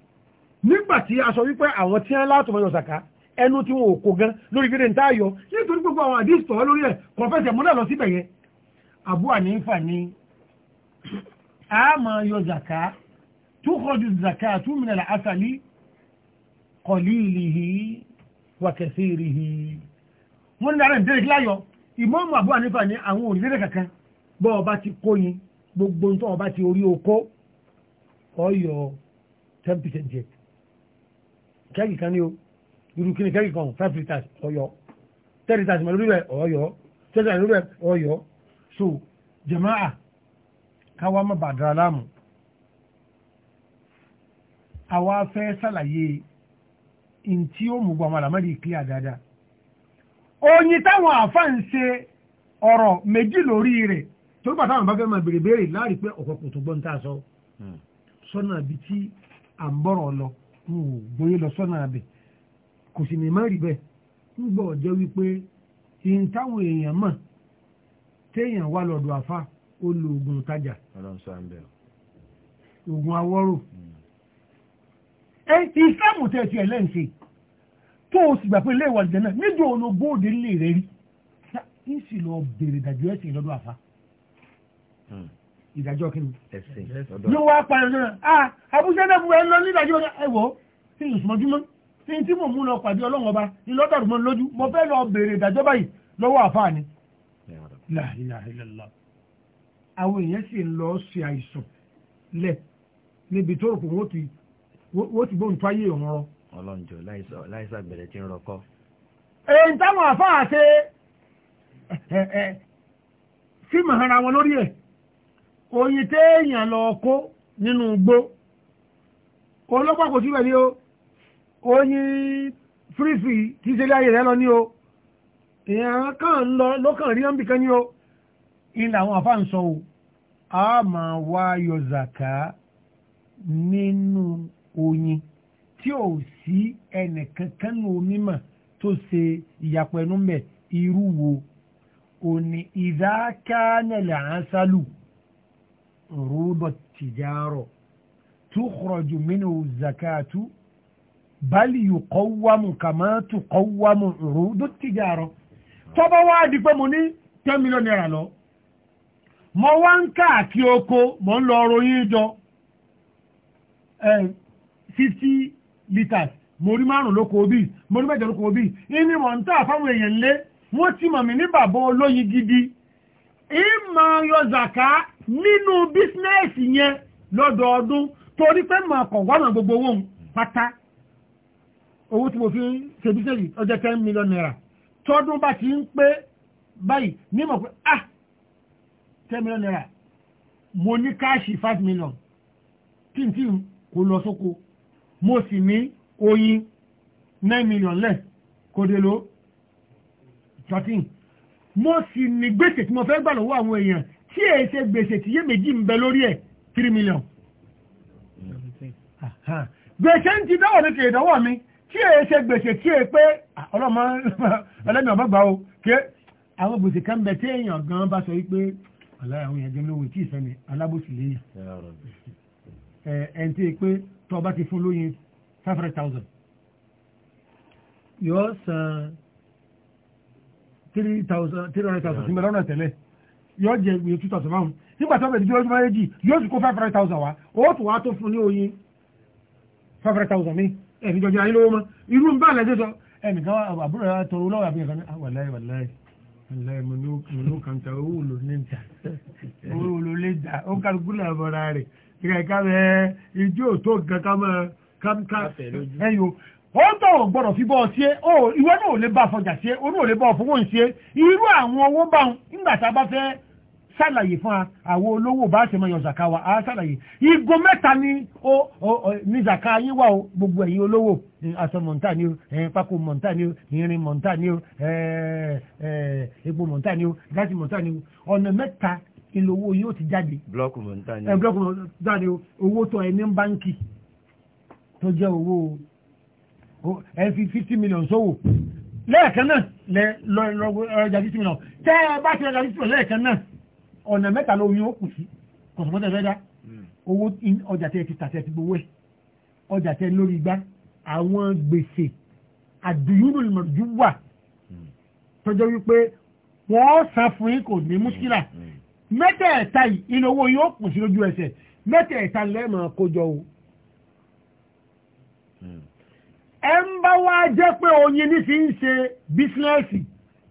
nígbà tí a sọ wípé àwọn tí látọ̀ máa yọ zaka ẹnu tí wọn ò kó gan lórí fídíò ń táyọ nítorí gbogbo àwọn àdìs tọ́ lórí ẹ̀ kọ̀fẹ́sẹ̀ múlẹ̀ lọ síbẹ̀ yẹn Abu Hanifa ni a máa yọ zaka tó kọjú zaka tó mìíràn asali qalilihi wa kathirihi wọ́n ní ara ìdílé láyọ̀ ìmọ̀ọ́mù Abu Hanifa ni àwọn òrìlẹ̀ kankan bọ́ ọba ti kó yin gbogbo ń tọ́ ọba ti orí okó ọyọ ten percent jẹ kẹ́gì kan ní o irú kí ni kẹ́kì kan five litres ọ̀yọ́ ten litres mẹ́lú rẹ̀ ọ̀yọ́ ten mẹ́lú rẹ̀ ọ̀yọ́ so jama'a káwá má bàa dára láàmú àwa fẹ́ sàlàyé ntí ó mú gbọmọ àlámọ́rí ìkílẹ̀ àdáadáa oyin táwọn àfáà ń ṣe ọ̀rọ̀ méjì lórí rẹ̀ torí pàtàkì àwọn bàbá máa bèrè béèrè láàrin pé ọ̀kọ̀ọ̀kọ̀ tó gbọ́n tá a sọ hmm. sọ́nà àbí tí à ń bọ̀rọ̀ lọ n ò gbóyè lọ sọ́nà àbẹ̀ kò sì ní má rí bẹ́ẹ̀ ń gbọ́ ọ̀jẹ́ wípé ihun táwọn èèyàn mọ̀ téèyàn wà lọ́dọ̀ àfa ó lo oògùn ìtajà oògùn awọ́rò ìsìláàmù tẹ̀ tiẹ̀ lẹ́ǹsì tó o sì gbà pé ilé ìwà ìjẹ́nà níjọ́ ológun òde nílé rẹ̀ rí ń sì lọ bèrè ìdájọ́ ẹ̀sìn lọ́dọ̀ àfa hmm. ìdájọ́ kí ni ẹ̀sìn lọ́dọ̀ yóò wá parí ọjọ́ náà abúṣẹ́ náà fún ẹ lọ ní ìdájọ́ ẹ̀wọ̀ kí ni ìsúnmọ́júmọ́ n tí mò ń mú lọ pàdé ọlọ́run ọba ní lọ́dọ̀rùn mọ́ lójú mo fẹ́ lọ bèèrè ìdájọ́ báyìí lọ́wọ́ àfáà ni. àwọn èèyàn sì ń lọ ṣe àìsàn lẹ̀ níbi tó rò pé wọ́n ti bóun tó ayé rọ. ọlọ́njọ láìsà bẹ̀rẹ̀ oyin fírífì tí ìṣẹ̀lẹ̀ ayé rẹ̀ lọ ní o èèyàn kan lọ lọ́kàn rí ọ́nbì kan ní o ilẹ̀ àwọn àfa ń sọ o a máa wá yọ zàká nínú oyin tí ò sí ẹnìkan kan nù mímọ̀ tó ṣe ìyàpẹ̀nu mẹ́ irú wo òní ìdákánẹ̀lẹ̀ ànsálù rúbọ̀ tìjárọ̀ tó kọ̀rọ̀ jù mínú zakatu bali yukọ̀wámù kàmáàtù kọ̀wámù rú dókítìjà rọ tọ́bọ̀ wá di pé mo ní ten million naira lọ mo wá ń káàkí oko mo ń lọ ròyìn jọ eh, fifty litres mo rí márùn lóko bí mo rí mẹ́jọ lóko bí ìní mọ̀ ń tà fáwọn èèyàn lé wọ́n ti mọ̀ mí ní bàbá olóyin gidi ìmọ̀ yọ nínú bísínẹ́ẹ̀sì yẹn lọ́dọọdún torí pé mọ̀ ọkọ̀ wọ́n gbogbo wọn pátá owó tí mo fi ń ṣe bíṣẹ́lì ọjọ́ ten million naira tọ́dún bá ti ń pé báyìí nímọ̀ pé ah ten million naira mo ní káàṣì five million tí n tí kò lọ sóko mo sì ní oyin nine million lẹ̀ kò dé lo thirteen mo sì ní gbèsè tí mo fẹ́ gbà lọ́wọ́ àwọn èèyàn tí èyí ṣe gbèsè tí yé méjì ń bẹ lórí ẹ̀ three million gbèsè ń ti dáwọ̀ ní kì í dáwọ̀ mi tí èyí ṣe gbèsè tí èyí pé ah, ọlọ́mọ ẹlẹ́mì ọmọ gbà o ké àwọn gbèsè kan bẹ tí èèyàn gan bá sọ wípé aláàwọn èèyàn jẹun lówó tí ìsẹ́ni alábòsí léyìn ẹ̀ ń tí pé tó bá ti fún lóyin five hundred thousand yóò san three thousand three hundred thousand sí mẹ́lọ́nà tẹ́lẹ̀ jẹ ìwé two thousand márùn nígbà tó bẹ̀rẹ̀ lójúmọ́ méjì yóò sì kó five hundred thousand wá owó tó wá tó fún ní oyin five hundred thousand mi ẹni jọjọ ayé lówó mọ́ irú ń bá àlẹ́jẹ́ sọ ẹnìkan àbúrò ẹ̀ tọrọ lọ́wọ́ àbí ẹ̀kan náà wàláì wàláì wàláì mo ló kàn ta owó ló ní ta owó ló lè ta ó kàn kú náà bọ̀ra rẹ̀ ìgbà ìka bẹ ijó tó gan ká mọ ká ẹyọ ó tọ̀ gbọ́dọ̀ fi bọ́ ọ sí ẹ ìwọ náà ò lè bá ọfọjà sí ẹ onú ò lè bá ọfọwọ́ sí ẹ irú àwọn owó báwọn nígbà tá a bá fẹ́ ṣàlàyé fún àwọn olówó bá ṣe mọ yọ zaka wa a ṣàlàyé igo mẹ́ta ni ó ní zaka yín wà ó gbogbo ẹ̀yin olówó aṣọ mọ̀ntà ni ó pákó mọ̀ntà ni ó irin mọ̀ntà ni ó epo mọ̀ntà ni ó gáàsì mọ̀ntà ni ó ọ̀nà mẹ́ta ìlówó yóò ti jáde. blọọkù mọ̀ntà ni ó blọọkù mọ̀ntà ni ó owó tó ẹ ní báńkì tó jẹ́ owó ẹ fi fifty million sówò lẹ́ẹ̀kan náà lọ́ọ́ ọjà fifty million tẹ́ ẹ bá ti ọjà fifty million lẹ́ẹ̀kan náà ọ̀nà mẹ́ta ló yín ó kù sí kọ̀sùmọ́tẹ̀ fẹ́ dá hmm. owó ọjà tẹ ti tàṣẹ ti gbowó ẹ̀ ọjà tẹ lórí igbá àwọn gbèsè àdùyúnùmọ̀jú wà hmm. tọjọ́ wípé wọ́n san fún yín kò ní múṣkìlà hmm. mẹ́tẹ̀ẹ̀ta yìí inú owó yín ó kù sí lójú ẹsẹ̀ mẹ́tẹ̀ẹ̀ta lẹ́ẹ̀mọ̀ kójọ o ẹ ń bá wá jẹ́ pé oyin ní fi ń ṣe bísínẹ́sì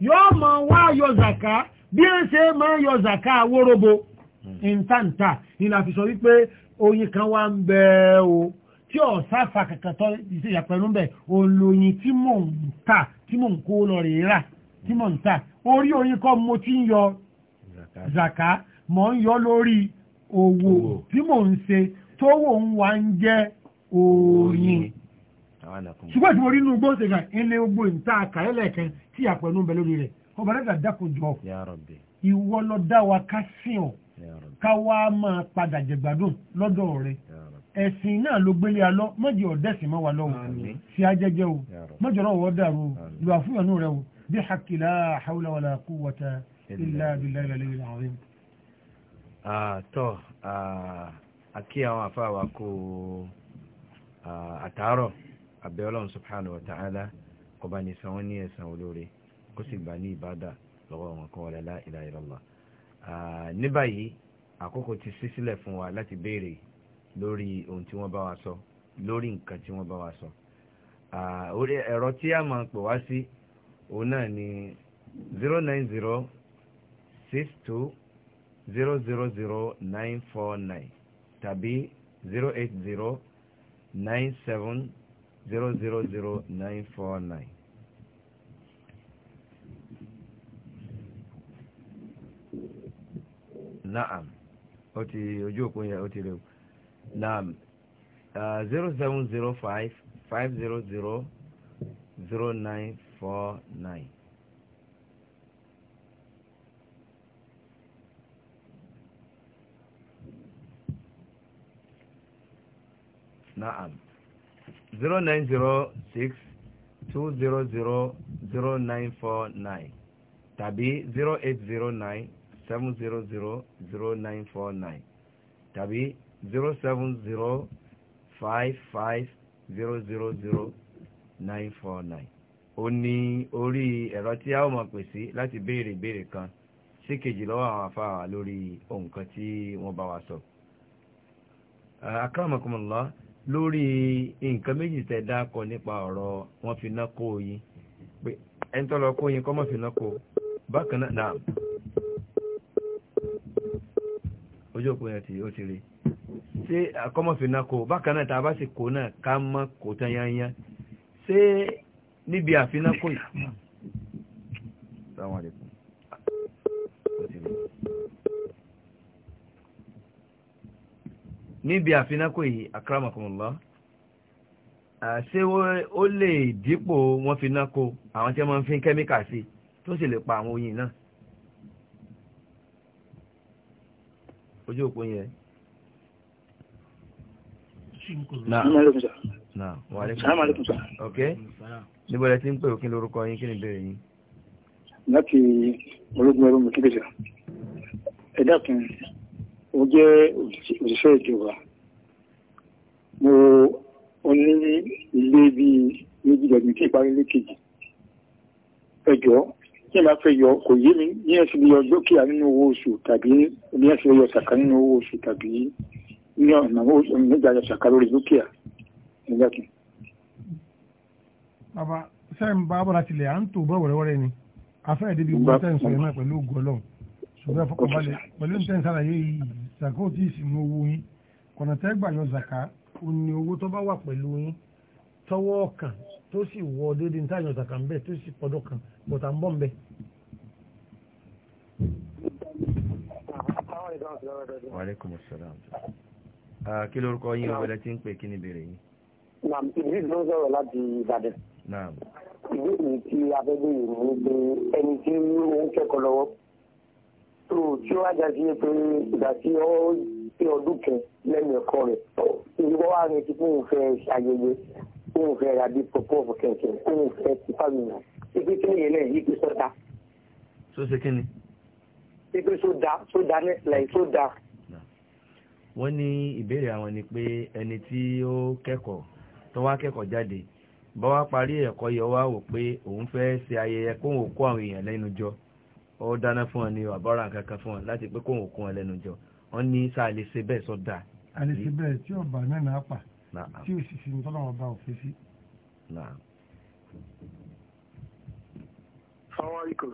yóò mọ̀ wá yọ zàká bí ẹ ṣe máa yọ zaka awórobo ìntàǹtà ìlà fi sọ wípé oyin kan wá ń bẹ o tí ọ̀ sáfà kankan tọ́ iṣẹ́ ìyàpẹ̀lú ń bẹ olóyin tí mò ń tà tí mò ń kó lọ rè rà tí mò ń tà orí oyin kọ́ mo ti ń yọ zaka mò ń yọ lórí òwò tí mò ń ṣe tówò ń wá ń jẹ́ oyin ṣùgbọ́n tí mo rí inú gbọ́nsẹ̀gà ilé gbogbo ìta àkàrẹ́lẹ̀ kan tí ìyàpẹ̀lú ń bẹ lórí rẹ̀ ọba rẹ̀ dàdákojọ́ ìwọ lọ dá wa ká sìn ọ́ ká wá máa padà jẹ̀gbádùn lọ́dọ̀ rẹ̀ ẹ̀sìn náà ló gbélé alọ́ mọ́jì ọ̀dẹ́sìn mọ́ wa lọ́wọ́ sí ajẹ́jẹ́ o mọ́jọ́ náà wọ́n dàrú lu àfúyànú rẹ o bí hakilá hawla wàlá quwwata illa billahi al-aliyyil azim. tọ́ àkí àwọn àfáàwà kó àtàárọ̀ àbẹ́ subhanahu wa ta'ala kọba nìsan wọn ní ẹ̀san olóore kó sì gbà ní ìbádà lọ́wọ́ wọn kan wọlé la ilaha illallah. ní báyìí àkókò ti ṣí sílẹ̀ fún wa láti béèrè lórí ohun tí wọ́n bá wa sọ lórí nǹkan tí wọ́n bá wa sọ. orí ẹ̀rọ tí a máa ń pè wá sí òun náà ni zero nine zero six two zero zero zero nine four nine tàbí zero eight zero nine seven zero zero zero nine four nine. naam o ti ojú òpó yẹn ó ti rẹ̀ naam ah, zero seven zero five five zero zero zero nine four nine. Naam. 0906 200 0949 tàbí 0809 seven zero zero zero nine four nine tàbí zero seven zero five five zero zero zero nine four nine ó ní orí ẹ̀rọ tí a ó máa pè láti béèrè ìbéèrè kan sí kejì lọ́wọ́ àwọn afáwà lórí ohun kan tí wọ́n bá wa sọ. akramakumullah lórí nǹkan méjì tẹ dákọ nípa ọ̀rọ̀ wọn fi ná kó oyin pé ẹni tó lọ kó oyin kọ́ mọ́ fi ná kó bákan náà ojú òpó yẹn tí ó ti rí ṣé àkọ́mọ̀fìnà kò bákan náà tàbá sì kò náà ká mọ́ kò tán yányá ṣé níbi àfinà kò yìí. níbi àfinà kò yìí akramakumullah ṣé ó lè dípò wọn fi náà kó àwọn tí wọn fi ń kẹ́míkà sí tó sì lè pa àwọn oyin náà. ojú òpó yẹn. náà wàhálà ok níbo lẹ ti ń pè ó kí ni orúkọ yín kí ni ìbéèrè yín. láti ológun ẹrú mi kí lèṣà ẹ dákun mo jẹ́ òṣìṣẹ́ ìjọba mo ní ilé bíi méjìlélógún tí ìparí lé kejì ẹjọ́ tí ẹ bá fẹ́ yọ kò yé mi ní ẹ sì lè yọ dúkìá nínú owó oṣù tàbí ní ẹ sì lè yọ sàkà nínú owó oṣù tàbí ní ọ̀nà nígbà yọ sàkà lórí dúkìá nígbà tó. bàbá sẹ́yìn bá tilẹ̀ à ń tò bọ́ wẹ̀rẹ́wẹ́rẹ́ ni afẹ́ ìdíbi gbọ́ tẹ̀ ń sọ yẹn náà pẹ̀lú ògùn ọlọ́run ṣùgbọ́n fọkànbalẹ̀ pẹ̀lú tẹ̀ ń sàlàyé yìí sàkó tí ì sì mú owó yín kọ̀nà tẹ́ tó sì wọ dédé ní táyọ̀ ṣàkà ń bẹ̀ tó sì pọ̀dọ̀ kan bọ̀tà ń bọ̀ ń bẹ̀. Wàlékùmù sàlám. Kí yín ọ̀rẹ́ tí ń pè kí ni bèrè yín? Naam, ìdí ló ń sọ̀rọ̀ láti Ìbàdàn. Naam. Ìbéèrè tí abẹ́gbẹ́ yìí ni pé ẹni tí ó ń kẹ́kọ̀ọ́ lọ́wọ́. Tó tí ó wájà sí pé ìgbà tí ó ṣe ọdún kan lẹ́nu ẹ̀kọ́ rẹ̀, ìwọ́ wa retí fún òun fẹ́ ṣàyẹyẹ kóun fẹ́ ra bí pọpọ́ọ̀fù kẹ̀kẹ́ kóun fẹ́ ti fámìlà ibi tí yẹn náà yìí pé sọ́dà. tó ṣe kí ni. ibi sódà sódà lẹ́yìn sódà. wọ́n ní ìbéèrè àwọn ni pé ẹni tí ó kẹ́kọ̀ọ́ tó wá kẹ́kọ̀ọ́ jáde bá wá parí ẹ̀kọ́ yọ wá wò pé òun fẹ́ ṣe ayẹyẹ kóun ò kó àwọn èèyàn lẹ́nu jọ ó dáná fún ọ ní àbọ̀ràn kankan fún ọ láti pé kóun ò kó wọn lẹ́nu jọ wọ́n ní sáà lè ṣe bẹ́ẹ̀ sọ́dà. àlè ṣe bẹ́ẹ̀ tí ọ̀bà náà náà pa tí o sì sì ń tọ́lọ̀ ọba òfin sí.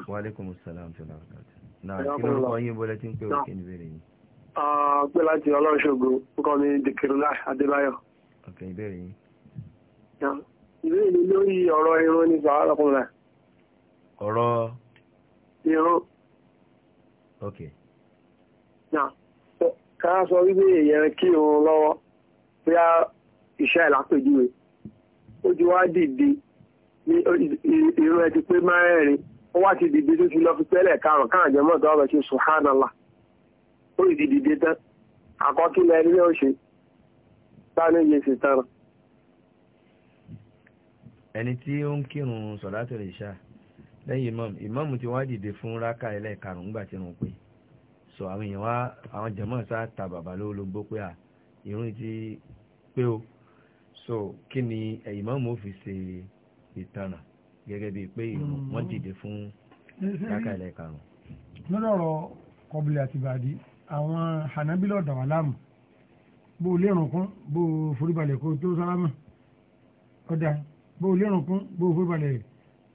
Wa alaikum salam tó náà kàtà. Náà kí ló ń kọ́ yín bọ́lẹ́ tí ń pè ó kí ni bèrè yín? Pé láti ọlọ́ṣogbo, ń kọ́ mi Dèkìrìlá Adébáyọ̀. Ok, ìbéèrè yín. Ìbéèrè mi lórí ọ̀rọ̀ irun ní Sàárà Kùnrin. Ọ̀rọ̀. Irun. Ok. Náà, ká sọ wípé èèyàn kí òun lọ́wọ́, bóyá ìṣá ẹ̀ lápèjúwe ó ti wá dìde ní irú ẹ ti pé mẹ́rin ó wá ti dìde tó ti lọ fi pẹ́lẹ̀ karùn-ún káà jẹ́ mọ́tò ọ̀rọ̀ ṣe subhanallah ó ti dìde tán àkọ́kílẹ̀ ẹni yóò ṣe sáré yé sí tán. ẹni tí ó ń kírun sọ̀látọ̀ ìṣá lẹ́yìn imam imam ti wá dìde fún rákà ilẹ̀ karùn-ún gbà tí wọ́n pè so àwọn èèyàn wá àwọn jẹ̀mọ́ sá ta bàbá lówó ló gbó pé à irun ti pé o so kí ni ẹ̀yìn mọ́mú fi ṣe ìtanà gẹ́gẹ́ bíi pé hmm. wọ́n dìde fún káka ilẹ̀ karùn-ún. lọ́dọ̀ ọ̀rọ̀ kọbílẹ̀ àti ìbàdí àwọn hànábílẹ̀ ọ̀dà wà láàmú bó o lérùn kún bó o foríbalẹ̀ kó o tó sálámà ọ̀dà bó o lérùn kún bó o foríbalẹ̀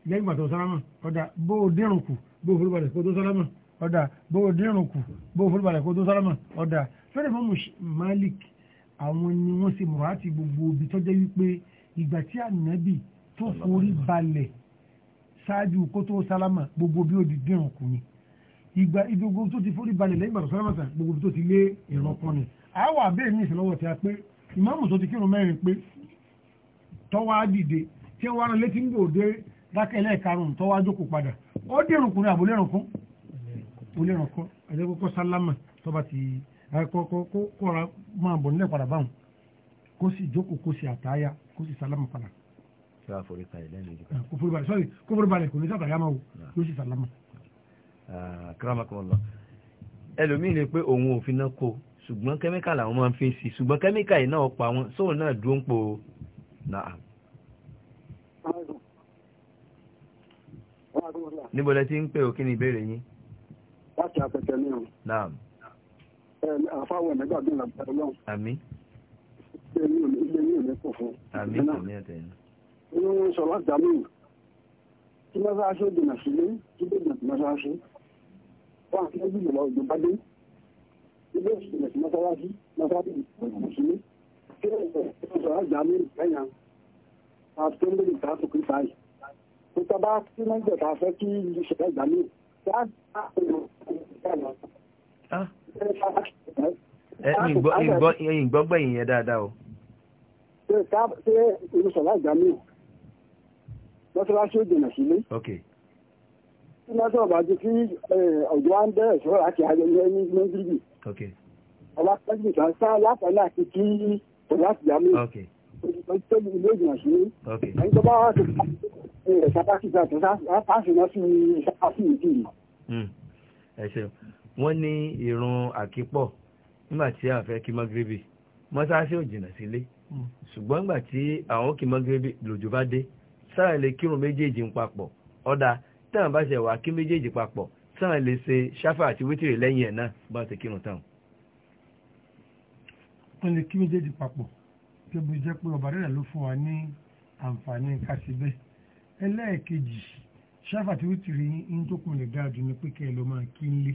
lẹ́yìn ìgbà tó sálámà ọ̀dà bó o dérùn kù bó o foríbalẹ̀ kó o tó sálámà ọ̀dà bó o dérùn kù bó o foríbalẹ̀ kó o tó sálámà ọ̀dà fẹ́rẹ̀ mọ́mù Malik àwọn ni wọ́n ṣe mùràtì gbogbo ibi tó jẹ́ wípé ìgbà tí ànábì tó forí balẹ̀ ṣáájú kó tó sálámà gbogbo bí ó di dìrùn kù ni ìgbà gbogbo tó ti forí balẹ̀ lẹ́yìn ìgbàdàn sálámà sàn gbogbo tó ti lé ìran kan ni àwọn àbẹ́ẹ̀ ní ìṣẹ̀lọ́wọ́ ti a pé ìmáàmù tó ti kírun mẹ́rin pé tọ́wá dìde tí wọ́n rán létí ń gbòde dákẹ́lẹ́ karùn-ún tọ́wá jókòó padà ó dẹ̀rùn kùnrin àbólẹ́rùn kún àbólẹ́rùn kún ẹ̀jẹ̀ kókó sálámà tó ti kóra máa bọ̀ nílẹ̀ padà báwọn kó sì jókòó kó sì àtàyà kó sì sálámà padà. ṣé wàá forí kalẹ̀ lẹ́nu ìdíkà. kó forí balẹ̀ sọ́ọ̀rì kó forí balẹ̀ kò ní sàtàyà máa wò yóò sì sálámà. kírámàkọ́mọ́lá ẹlòmíì lè pé òun ò fi náà kó ṣùgbọ́n kẹ́míkà làwọn máa ń fi sí ṣùgbọ́n kẹ́míkà yìí náà pa wọn sóun náà dúró ń po náà. níbo lẹ ti ń pè ó kí ni ìbéèrè yín. láti apẹtẹ mi o. naam àfáwọn ẹ̀mẹ́gbàdùn làbẹ́ ọlọ́run. àmín. ilé ní òní pọ̀ fún. àmín àmín àtẹ̀yìn. inú wọn sọ láti dàmú kí mọ́sáàṣì dènà sílé kí dènà sí mọ́sáàṣì wọn àti ẹbí ìlọ òjò bá dé ilé ìsìnkú sí mọ́sáàṣì mọ́sáàṣì ìpínlẹ̀ sílé kí wọ́n sọ láti dàmú ìkẹyà àti tó ń bèrè ìta tó kí sáyì. nípa bá kí wọ́n jẹ̀ta fẹ́ kí ìṣẹ̀lẹ̀ dàmú kí á ìgbọ́gbẹ̀yìn yẹn dáadáa o. ṣé ìrúsọ̀ láìgbà mí lọ́sọ́láṣí ó dènà sílé. tí lọ́sọ̀ bá ti fi ọ̀dọ́ à ń bẹ̀rẹ̀ sọ́rọ̀ àti ayẹyẹ ní méjìlì. ọba pẹ́jì kan sá lápẹ́lẹ́ àti kí ọ̀dọ́ àti ìyá mi. ó ti ilé ìdènà sílé. ẹni tó bá wà tó ṣàpàkì ìgbà tó sá pàṣẹ náà sí ìṣàpàkì ìdí. Hmm. ẹ wọ́n ní ìrun àkípọ̀ nígbàtí a fẹ́ kí magrebi mọ́sáàsì ò jìnà sílé hmm. ṣùgbọ́n nígbàtí àwọn kí magrebi lòjò bá dé sáà lè kírun méjèèjì ń papọ̀ ọ̀dà táwọn bá ṣe wà kí méjèèjì papọ̀ sáà lè ṣe ṣáfà àti wítìrì lẹ́yìn ẹ̀ náà bá ṣe kírun táwọn. wọ́n lè kí méjèèjì papọ̀ tó bí jẹ́ pé ọ̀bà rẹ̀ ló fún wa ní àǹfààní kásìbẹ́ ẹlẹ́ẹ̀kejì ṣáfà àti wítìrì yín tó kùn lè dáa jù ní pé kẹ́ ẹ lọ máa kí ń lé.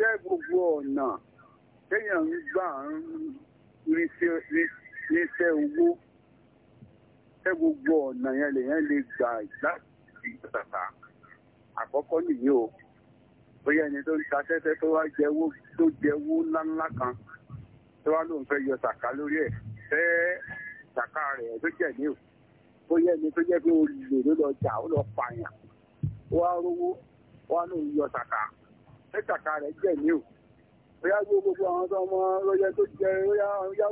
fẹ́ gbogbo ọ̀nà téèyàn ń gbà ń ríṣẹ́ owó fẹ́ gbogbo ọ̀nà yẹn lèyàn lè gbà láti ìgbàgbà àkọ́kọ́ nìyí o bóyá ẹni tó ń ta tẹ́tẹ́ tó wá jẹ́wó tó jẹ́wó ńláńlá kan tó wá lóun fẹ́ yọ sàká lórí ẹ̀ fẹ́ sàká rẹ̀ tó jẹ̀ ní o bóyá ẹni tó jẹ́ pé olè ló lọ jà ó lọ pààyàn wá rówó wá lóun yọ sàká ẹ̀ṣàkà rẹ̀ jẹ̀ ní o bóyá gbogbo àwọn ọmọ lóye tó jẹ yáúyá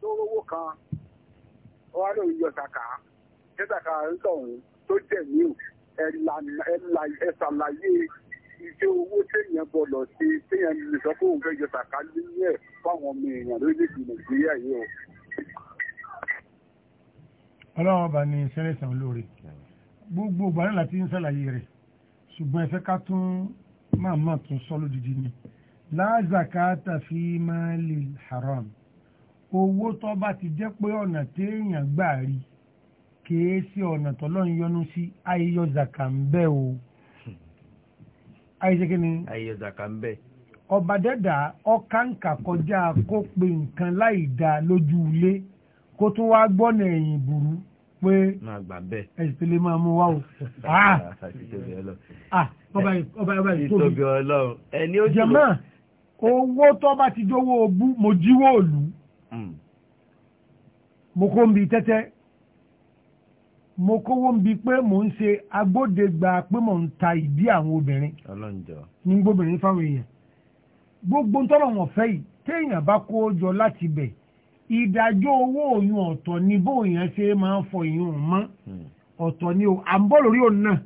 tó rówó kan wá lóun yọ ṣàkà ẹ̀ṣàkà rẹ̀ tọ̀hún tó jẹ̀ ní o ẹ̀ṣàlàyé iṣẹ́ owó téèyàn bọ̀lọ̀ sí téèyàn lè sọ pé òun fẹ́ yọ ṣàkà nínú ẹ̀ fáwọn ọmọ èèyàn lórílẹ̀-èdè nàìjíríà yìí o. ọlọ́run ọba ni sẹ́rẹ̀sán olóore gbogbo ìgbà náà láti ń ṣàlàyé rẹ̀ ṣùgbọ́n ẹ fẹ́ ká tún máa máa tún sọ lódìdí ni láàzàkáàtà fi máa lè haram owó tó bá ti jẹ́ pé ọ̀nà téèyàn gbà rí kìí sí ọ̀nà tọ́lọ́ ń yọnu sí ayíyọ zàkà ń bẹ́ o ayíṣẹ́ kí ni ayíyọ zàkà ń bẹ́ ọba dẹ́dà ọkàǹkà kọjá kó pe nǹkan láì dá lójú ilé kó tún wá gbọ́nà ẹ̀yìn burú pé ẹ̀sìtìlẹ̀ máa mú wá o. Ah! Ah! ọba ìtóbi ọlọ́run ẹni ó jẹ́mọ́ owó tó bá ti dówó ogún mo jíwó òlù hmm. mo kó ń bi tẹ́tẹ́ mo kówó ń bi pé mò ń ṣe agbódegba pé mò ń ta ìdí àwọn obìnrin ní gbóbìnrin fáwọn èèyàn gbogbo ń tọ́lọ̀ wọ̀n fẹ́ yìí téèyàn bá kó jọ láti bẹ̀ ìdájọ́ owó òyìn ọ̀tọ̀ ni bóyàn ṣe máa ń fọ ìyún mọ́ hmm. ọ̀tọ̀ ni o à ń bọ̀ lórí òun náà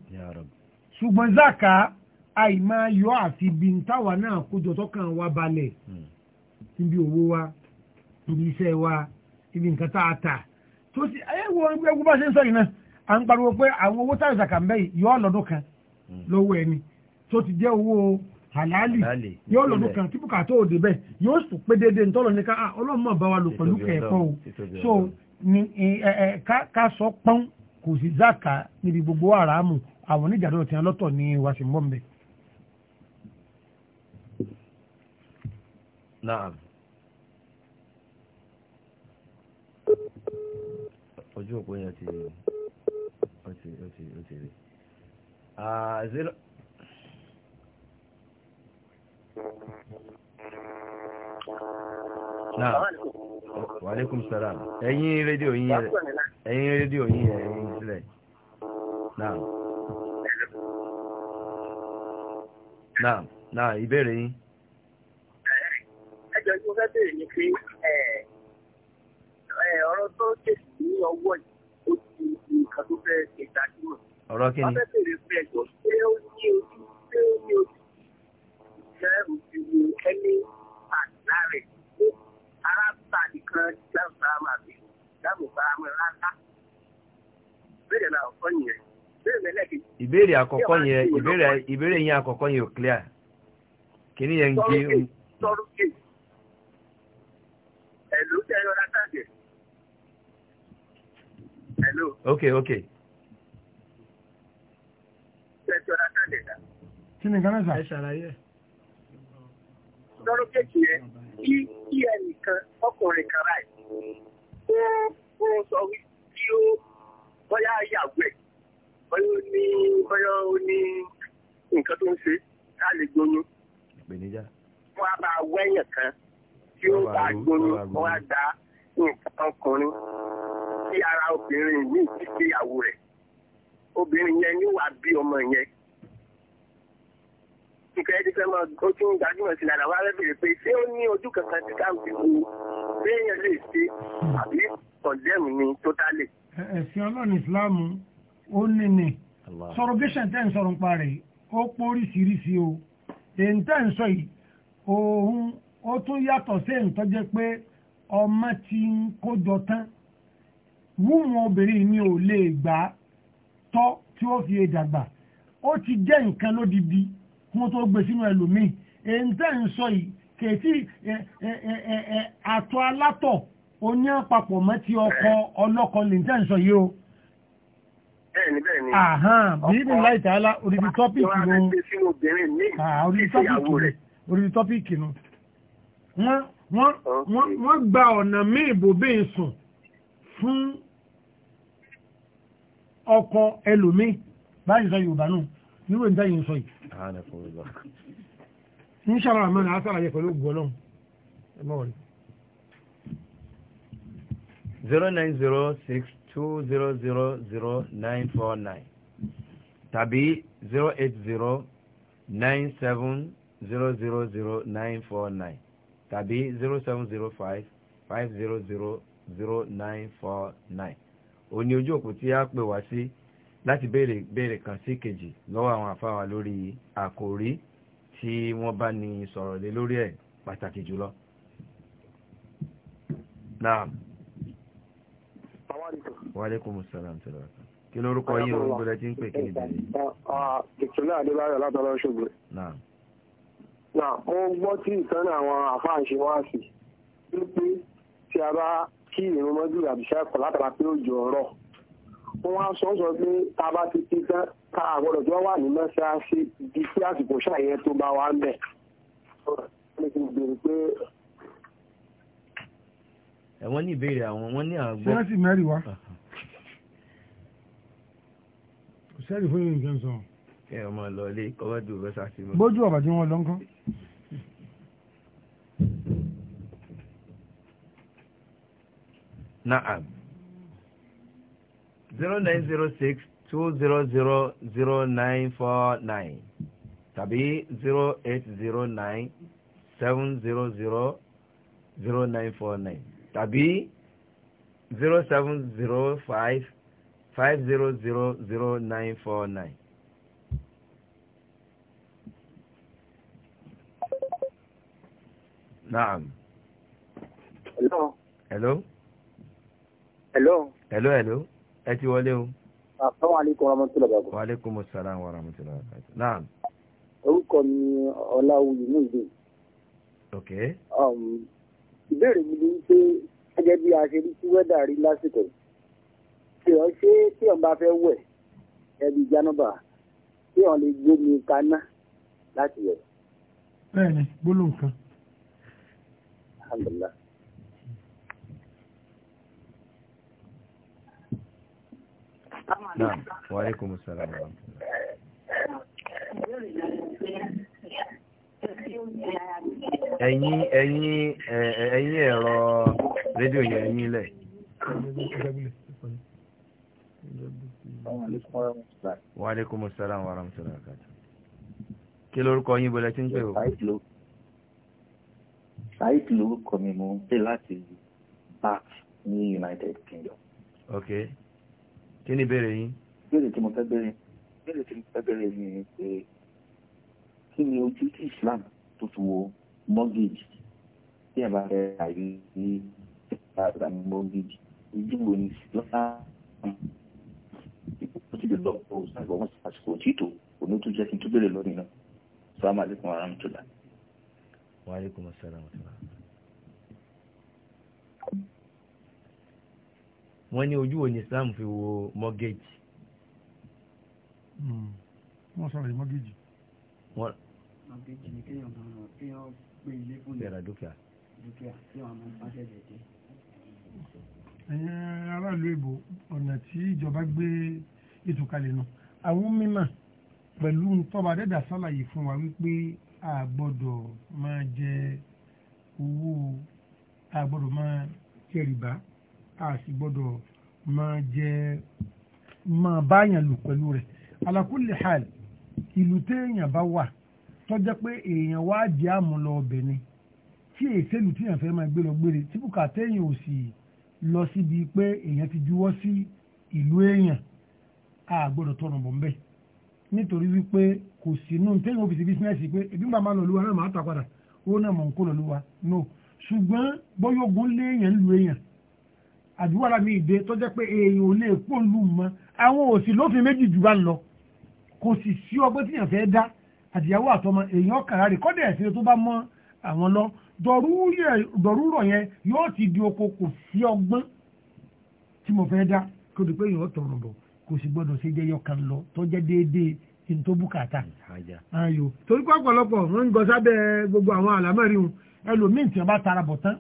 ṣùgbọ́n zaka àìmá yọ àfi bí táwa náà kójọ tọkàn wa balẹ̀ hmm. níbi owó wa níbi iṣẹ́ wa níbi nǹkan tá a tà tó sì ẹ wo ẹgbẹ́ bá ṣe ń sọ̀rọ̀ náà à ń pariwo pé àwọn owó táwọn zaka ń bẹ́ẹ̀ yọ ọ́ lọ́dún kan hmm. lọ́wọ́ ẹni tó ti jẹ́ owó halali yóò lọ́dún kan tí bùkátà òde bẹ́ẹ̀ yóò sùn pé dédé ntọ́lọ̀ ní ká ọlọ́mọ bá wa lò pẹ̀lú kẹ̀kọ́ o so ká sọ pọ́n kò sí zaka níbi gbogbo àràmù àwọn oníjàdọ̀ tí wọn lọ́tọ̀ ní wàsímọ́mbẹ. naam ojú òpó yẹn ti ó ti ó ti ó ti rí. naa wàlékùm sàrà ẹ̀yìn rédíò yín rẹ̀ ẹ̀yìn rédíò yín rẹ̀ ẹ̀yìn sílẹ̀ náà náà náà ìbéèrè yín. ẹjọ́ tí mo fẹ́ béèrè ni pé ọ̀rọ̀ tó ọwọ́ yìí ó ti di nǹkan tó fẹ́ ṣe ọ̀rọ̀ kí ni. jẹ́rù ti wo ẹni àdá rẹ̀ nìkan dáhùn sáramà bí dáhùn sáramà rárá. Béèrè náà ọ̀kọ́ yẹn. Ìbéèrè àkọ́kọ́ yẹn ìbéèrè yẹn àkọ́kọ́ yẹn ò clear. Kìíní yẹn ń gé. Sọ́rùkè. Ẹ̀lú tẹ́ ọ̀rá káàdì. Ẹ̀lú. Ok ok. Tẹ́ ni Gánà sà? Ẹ ṣàlàyé lọ́rọ̀ kéèkì yẹn kí kí ẹnìkan ọkùnrin kan ráì ó ó sọ kí ó bóyá yàgò ẹ̀ bóyá ó ní bóyá ó ní nǹkan tó ń ṣe ká lè gbóyún. ìpèníjà. wọ́n á bá wẹ́yàn kan tí ó bá gbóyún wọ́n á da nǹkan ọkùnrin sí ara obìnrin ní ìdíje ìyàwó rẹ̀ obìnrin yẹn ni wàá bí ọmọ yẹn nǹkan ẹni fẹ́ mọ ó tún gbajúmọ̀ sí lára wàá bẹ̀rẹ̀ pé ṣé ó ní ojú kankan tí káwọn ti kú séèyàn lè ṣe àbí kọ̀ndẹ́mù ni tó tá lè. ẹ̀sìn ọlọ́run ìsìláàmù ó ní ni sọ̀rọ̀ tẹ́ ń sọ̀rọ̀ nípa rẹ̀ ó póríṣiríṣi o èyí tẹ́ ń sọ yìí òun ó tún yàtọ̀ sí èyí tó jẹ́ pé ọmọ ti ń kójọ tán wúwọn obìnrin mi ò lè gbà tọ́ tí ó fi dàgbà ó ti jẹ́ nǹkan lódìdí wọ́n tó gbé sínú ẹlòmí èyí tẹ́ ń sọ yìí kèsí àtọ̀ alátọ̀ oní àpapọ̀ mọ́ ti ọkọ̀ ọlọ́kọ̀ lè tẹ́ ń sọ yìí o. bẹ́ẹ̀ni bẹ́ẹ̀ni bíi ní láì tààlà oríṣi tọ́pìkì nù oríṣi tọ́pìkì nù wọ́n gba ọ̀nà míì bòbí sùn fún ọkọ̀ ẹlòmí báyìí sọ Yorùbá náà nírò ìdá yìí ń sọ yìí. ń ṣàrà àmọ́ ní asára yẹ pẹ̀lú ògùn ọlọ́run ẹ mọ̀ rí. zero nine zero six two zero zero zero nine four nine tàbí zero eight zero nine seven zero zero zero nine four nine tàbí zero seven zero five five zero zero zero nine four nine òní ojú òkú tí a pè wá sí láti béèrè béèrè kan sí kejì lọ́wọ́ àwọn àfáwà lórí àkòrí tí wọ́n bá ní sọ̀rọ̀ lé lórí ẹ̀ pàtàkì jùlọ. Naam. Wa alaikumus salam tó lọ́wọ́. Kí lórúkọ yìí o gbọ́dọ̀ tí ń pè kí ni bẹ̀rẹ̀? Ìtúlẹ̀ Adébáyọ̀ látọ̀rọ̀ ṣògbè. Naam. Naam, mo gbọ́ tí ìtàn àwọn àfáà ṣe wá sí. Wípé tí a bá kí ìrún àbíṣẹ́ kọ̀ látara pé ó jọ ọ̀rọ̀ wọ́n á sọ sọ pé tá a bá ti ti tán ká àgbọ̀dọ̀ tí wọ́n wà ní mọ́ṣáláṣí di sí àsìkò ṣàyẹ tó bá wà ń bẹ̀. wọ́n ní ìbéèrè àwọn wọ́n ní àgbọ̀. wọ́n sì mẹ́rin wá. kò sẹ́rì fún yín nǹkan sọ. kí ẹ máa lọ ilé kọ́wé dùn bẹ́sà sí mi. bójú ọ̀bà tí wọ́n lọ ń kọ́. naam zero nine zero six two zero zero zero nine four nine tàbí zero eight zero nine seven zero zero zero nine four nine tàbí zero seven zero five five zero zero zero nine four nine. Naam. Hello. Hello. Hello. Hello, hello ẹ ti wọlé o. Assalamu alaikum warahmatullahi wabarakatuh. Wa alaikumus salam warahmatullahi wabarakatuh. Naam. Orúkọ mi Ọláwuyì Múìdè. Ok. Um, ìbéèrè mi ni pé gẹ́gẹ́ bí a ṣe rí sí wẹ́dà rí lásìkò. Ṣèyàn ṣé tí òun bá fẹ́ wẹ̀ ẹbí Jánúbà tí òun lè gbómi kaná láti wẹ̀. Bẹ́ẹ̀ni, gbólóhùn kan. Alhamdulillah. náà wa alaikum assalam ẹ̀yìn ẹ̀yìn ẹ̀yìn ẹ̀rọ rédíò yẹn ẹ̀yìn lẹ̀ wa alaikum assalam wa rahmatullahi wa barakatuh kí lórúkọ yín bọ́lẹ̀ tí ń pè ó Saheed lórúkọ mi mo ń pè back ní United Kingdom. Okay kí ni ìbéèrè yín. ìbéèrè tí mo fẹ́ bẹ̀rẹ̀ ìbéèrè tí mo fẹ́ bẹ̀rẹ̀ ni pé kí ni ojú tí Islam tó fi wo mortgage tí ẹ bá fẹ́ àyè ní ìgbà mortgage ojú wo ni lọ́sà ó ti lè lọ bó ṣàgbọ́ wọn àsìkò títò òní tó jẹ́ kí n tó bẹ̀rẹ̀ lónìí náà sàmàlíkùn aramtula. wàhálà ìkùn mọ́sára mọ́sára. wọ́n ní ojú òní Islam fi wo mortgage. Hmm. wọ́n sọ̀rọ̀ mortgage. wọ́n. mortgage ni kéèyàn kéèyàn gbé ilé fún mi. bẹ̀rẹ̀ dúkìá. dúkìá tí wọ́n máa ń pàṣẹ jẹ̀dẹ̀. ẹ̀yin aráàlú èbò ọ̀nà tí ìjọba gbé ètò kalẹ̀ nù àwọn mímọ̀ pẹ̀lú tọ́ba dẹ́dà sálàyé fún wa wípé a máa jẹ owó a máa jẹ a sì gbọ́dọ̀ máa jẹ máa báyàn lò pẹ̀lú rẹ̀ alákùlẹ̀ hal ìlú téèyàn bá wà tọ́jọ́ pé èèyàn wá jẹ́ àmúlọ ọbẹ̀ ni tí èsèlú téèyàn fẹ́ máa gbé lọ gbére tí bùkà téèyàn ò sì lọ síbi pé èèyàn ti juwọ́ sí ìlú èèyàn a gbọ́dọ̀ tọrọ bọ̀ mbẹ́ nítorí wípé kò sínú téèyàn òfìsí bísínẹ́sì pé ebi ń bá máa lọ lúwa náà máa tà ó náà mọ̀ ń kó lọ lúwa no ṣùgbọ́n bọ́yọ̀gùn léèyàn lu èèyàn àdúrà mi ìdè tó jẹ́ pé èèyàn ò lè kó lù mọ́ àwọn òsì lófin méjì jù bá ń lọ kò sì sí ọgbẹ́ tí èèyàn fẹ́ dá àtìyàwó àtọmọ èèyàn kàrà rè kọ́dẹ̀ ẹ̀sìn tó bá mọ́ àwọn lọ dọ̀rúrọ̀ yẹn yóò ti di oko kò sí ọgbọ́n tí mo fẹ́ dá kó di pé èèyàn tọrọ bọ̀ kò sì gbọ́dọ̀ ṣe jẹ́ yọkan lọ tó jẹ́ déédéé kí n tó bùkátà. ayò torí pé ọ̀pọ̀lọpọ̀ wọ́n ń gọ sábẹ́ gbogbo àwọn àlámọ́rin ẹlòmíì tí wọ́n bá tara bọ̀ tán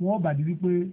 wọ́n bàdí wípé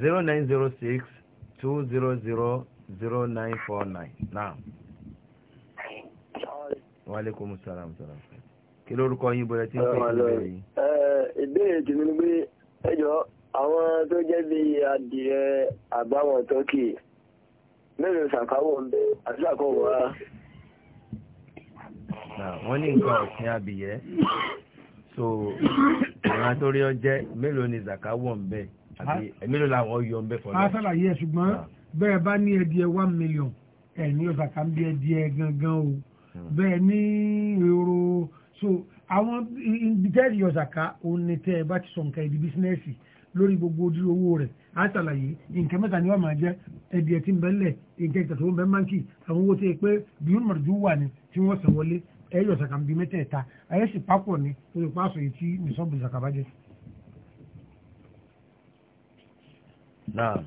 zero nine zero six two zero zero zero nine four nine now. waaleykum salaam salaam. kí lórúkọ yín bọ̀dẹ̀ tí ń pè é ìbéèrè yìí. ìbéèrè tèmi ni pé ẹ jọ àwọn tó jẹ́ bí adìẹ àbáwọn tọ́kì mélòó ṣàkáwọ̀ ń bẹ àti àkọ́wọ́ rárá. wọ́n ní nǹkan ọ̀sìn abìyẹ́ so ìran tó rí ọ jẹ́ mélòó ni zakawo ń bẹ́ẹ̀ àbí mélòó làwọn yọ ń bẹ fọlọ. a ṣàlàyé ẹ ṣùgbọ́n bẹ́ẹ̀ bá ní ẹdí one million ẹ ní ọ̀sà ká ń bí ẹdí ẹ gangan o hmm. bẹ́ẹ̀ ní èrò so àwọn ìdíjẹ́rì ọ̀sà ká òun ni tẹ́ ẹ bá ti sọ nǹkan ẹ̀dí bísínẹ́sì lórí gbogbo ojú owó rẹ̀ a ṣàlàyé nǹkan mẹ́ta ni wọ́n máa jẹ́ ẹdí ẹ ti ń bẹ́ lẹ̀ nǹkan ìtàtọ̀ tó ń bẹ́ máńkì àwọn owó tó yẹ pé bíyún mọ̀rọ̀dú wà ní tí wọ́n sàn wọlé ẹ̀yọ̀ ṣàkàmbí mẹ́tẹ̀ẹ̀ta ayẹ́sì pápọ̀ ni olùpàṣọ yìí tí nìṣọ́bù ṣàkàbájẹ́. Naam.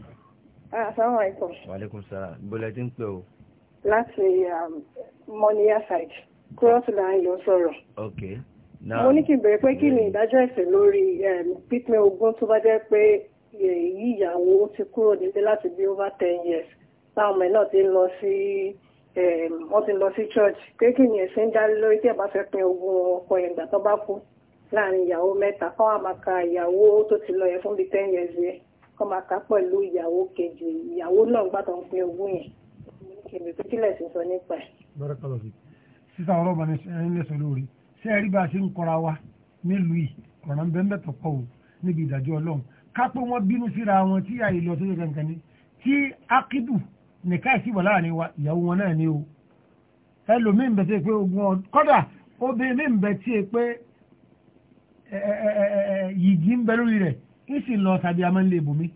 Ah, Assalamu alaikum. Wa alaikum salaam. Bọ́lá ti ń pè o. Láti um, Mọ́níyà side, Kúrọ́sì là ń lọ sọ̀rọ̀. Ok. Naam. Mo ní kí n bèrè pé kí ni ìdájọ́ ẹ̀sìn lórí um, pípín ogún tó bá jẹ́ pé èyí eh, ìyàwó ti kúrò nílé láti bí over ten years táwọn ọmọ náà ti ń lọ sí um, wọ́n ti lọ sí church pé kí ni ẹ̀sìn dá lórí tí ẹ̀ bá fẹ́ pín ogún ọkọ ìgbà tó bá kú láàrin ìyàwó mẹ́ta fáwọn àmàkà ìyàwó tó ti lọ yẹ fún bíi ten years yẹn kọ́ máa ká pẹ̀lú ìyàwó kejì ìyàwó náà gbà tó ń pín ogún yẹn èmi tó kílẹ̀ sí sọ nípa ẹ̀. bẹ́rẹ̀ kọ́ lọ sí sísan ọ̀rọ̀ bá ní ẹ̀ńlẹ́sọ̀ lórí ṣé ẹ rí bá a ṣe ń kọra wa nílùú yìí ọ̀ràn bẹ́ẹ̀ tó pọ̀ o níbi ìdájọ́ ọlọ́run ká pé wọ́n bínú síra wọn tí àyè lọ tó yẹ kankan ni tí akidu nìka ìsì wà láàrin wa ìyàwó wọn náà ni o ẹlòmíín bẹ tí pé ogun ọ kọ́dà obìnrin mi bẹ tí pé yìgì ń rẹ̀ ìsì lọ tàbí a máa ń lè bùnmí.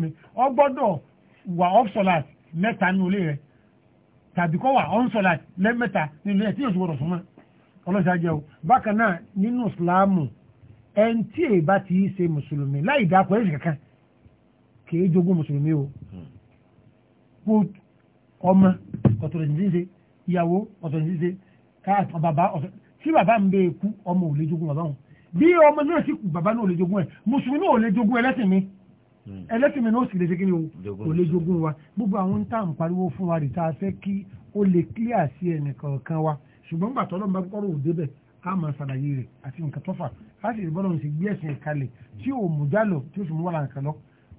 mi ọ gbọdọ wà ọ́fṣọ́làt mẹta nínú ilé rẹ̀ tàbí kọ́ wà ọ́nṣọ́làt lẹ́mẹ́ta nínú ilé tí yóò gbọ́dọ̀ súnmọ́ ọlọ́sàájẹ́ o bákan náà nínú ìsìláàmù ẹni tí èèbá ti í ṣe mùsùlùmí láì kìí jogún mùsùlùmí o hmm. kú ọmọ ọ̀tọ̀lẹ̀síṣe ìyàwó ọ̀tọ̀lẹ̀síṣe káàtọ̀ bàbá ọ̀tọ̀lẹ̀ tí bàbá ń bẹ kú ọmọ ò lè jogún bàbá wọn bí ọmọ náà sì kú bàbá náà ò lè jogún ẹ mùsùlùmí ò lè jogún ẹlẹ́sìn mi hmm. ẹlẹ́sìn mi náà sì lè ṣe kí ni o ò lè jogún wa gbogbo àwọn ń tà ń pariwo fún wa rè tá a fẹ́ kí ó lè clear sí ẹnìkọ̀ọ̀kan wa ṣùgbọ́n gbàtọ́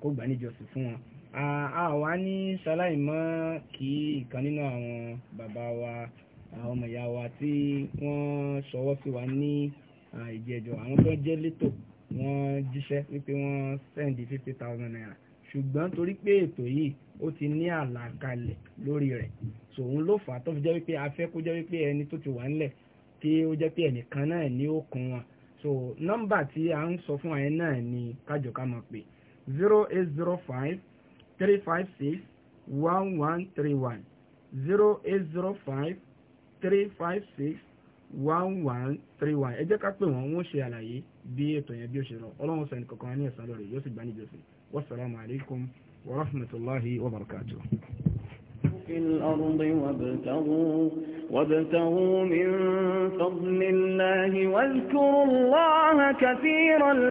kó gbà níjọsìn fún wọn àwa ní ṣaláì mọ́ kí ìkan nínú àwọn bàbá wa àwọn ọmọ ìyá wa tí wọ́n ṣọwọ́ sí wa ní ìjẹjọ àwọn tó jẹ́ létò wọ́n jíṣẹ́ wípé wọ́n sẹ́ndì fifty thousand naira ṣùgbọ́n torí pé ètò yìí ó ti ní àlàkalẹ̀ lórí rẹ̀ sòun ló fà á tó fi jẹ́ wípé a fẹ́ kó jẹ́ wípé ẹni tó ti wà ńlẹ̀ kí ó jẹ́ pé ẹnìkan náà ní ó kun wọn so nọ́mbà tí a ń sọ fún àyẹn náà ni kájọ ká máa pè zero eight zero five three five six one one three one zero eight zero five three five six one one three one ẹ jẹ́ ká pè wọ́n wọ́n ṣe àlàyé bí ètò yẹn bí ó ṣe lọ ọlọ́run sẹ́ni kankan ní ẹ̀sán lórí yóò sì gbá níjọ́sìn wasalaamu alaykum wa rahmatulahi wa barakatuh. في الأرض وابتغوا, وابتغوا من فضل الله واذكروا الله كثيرا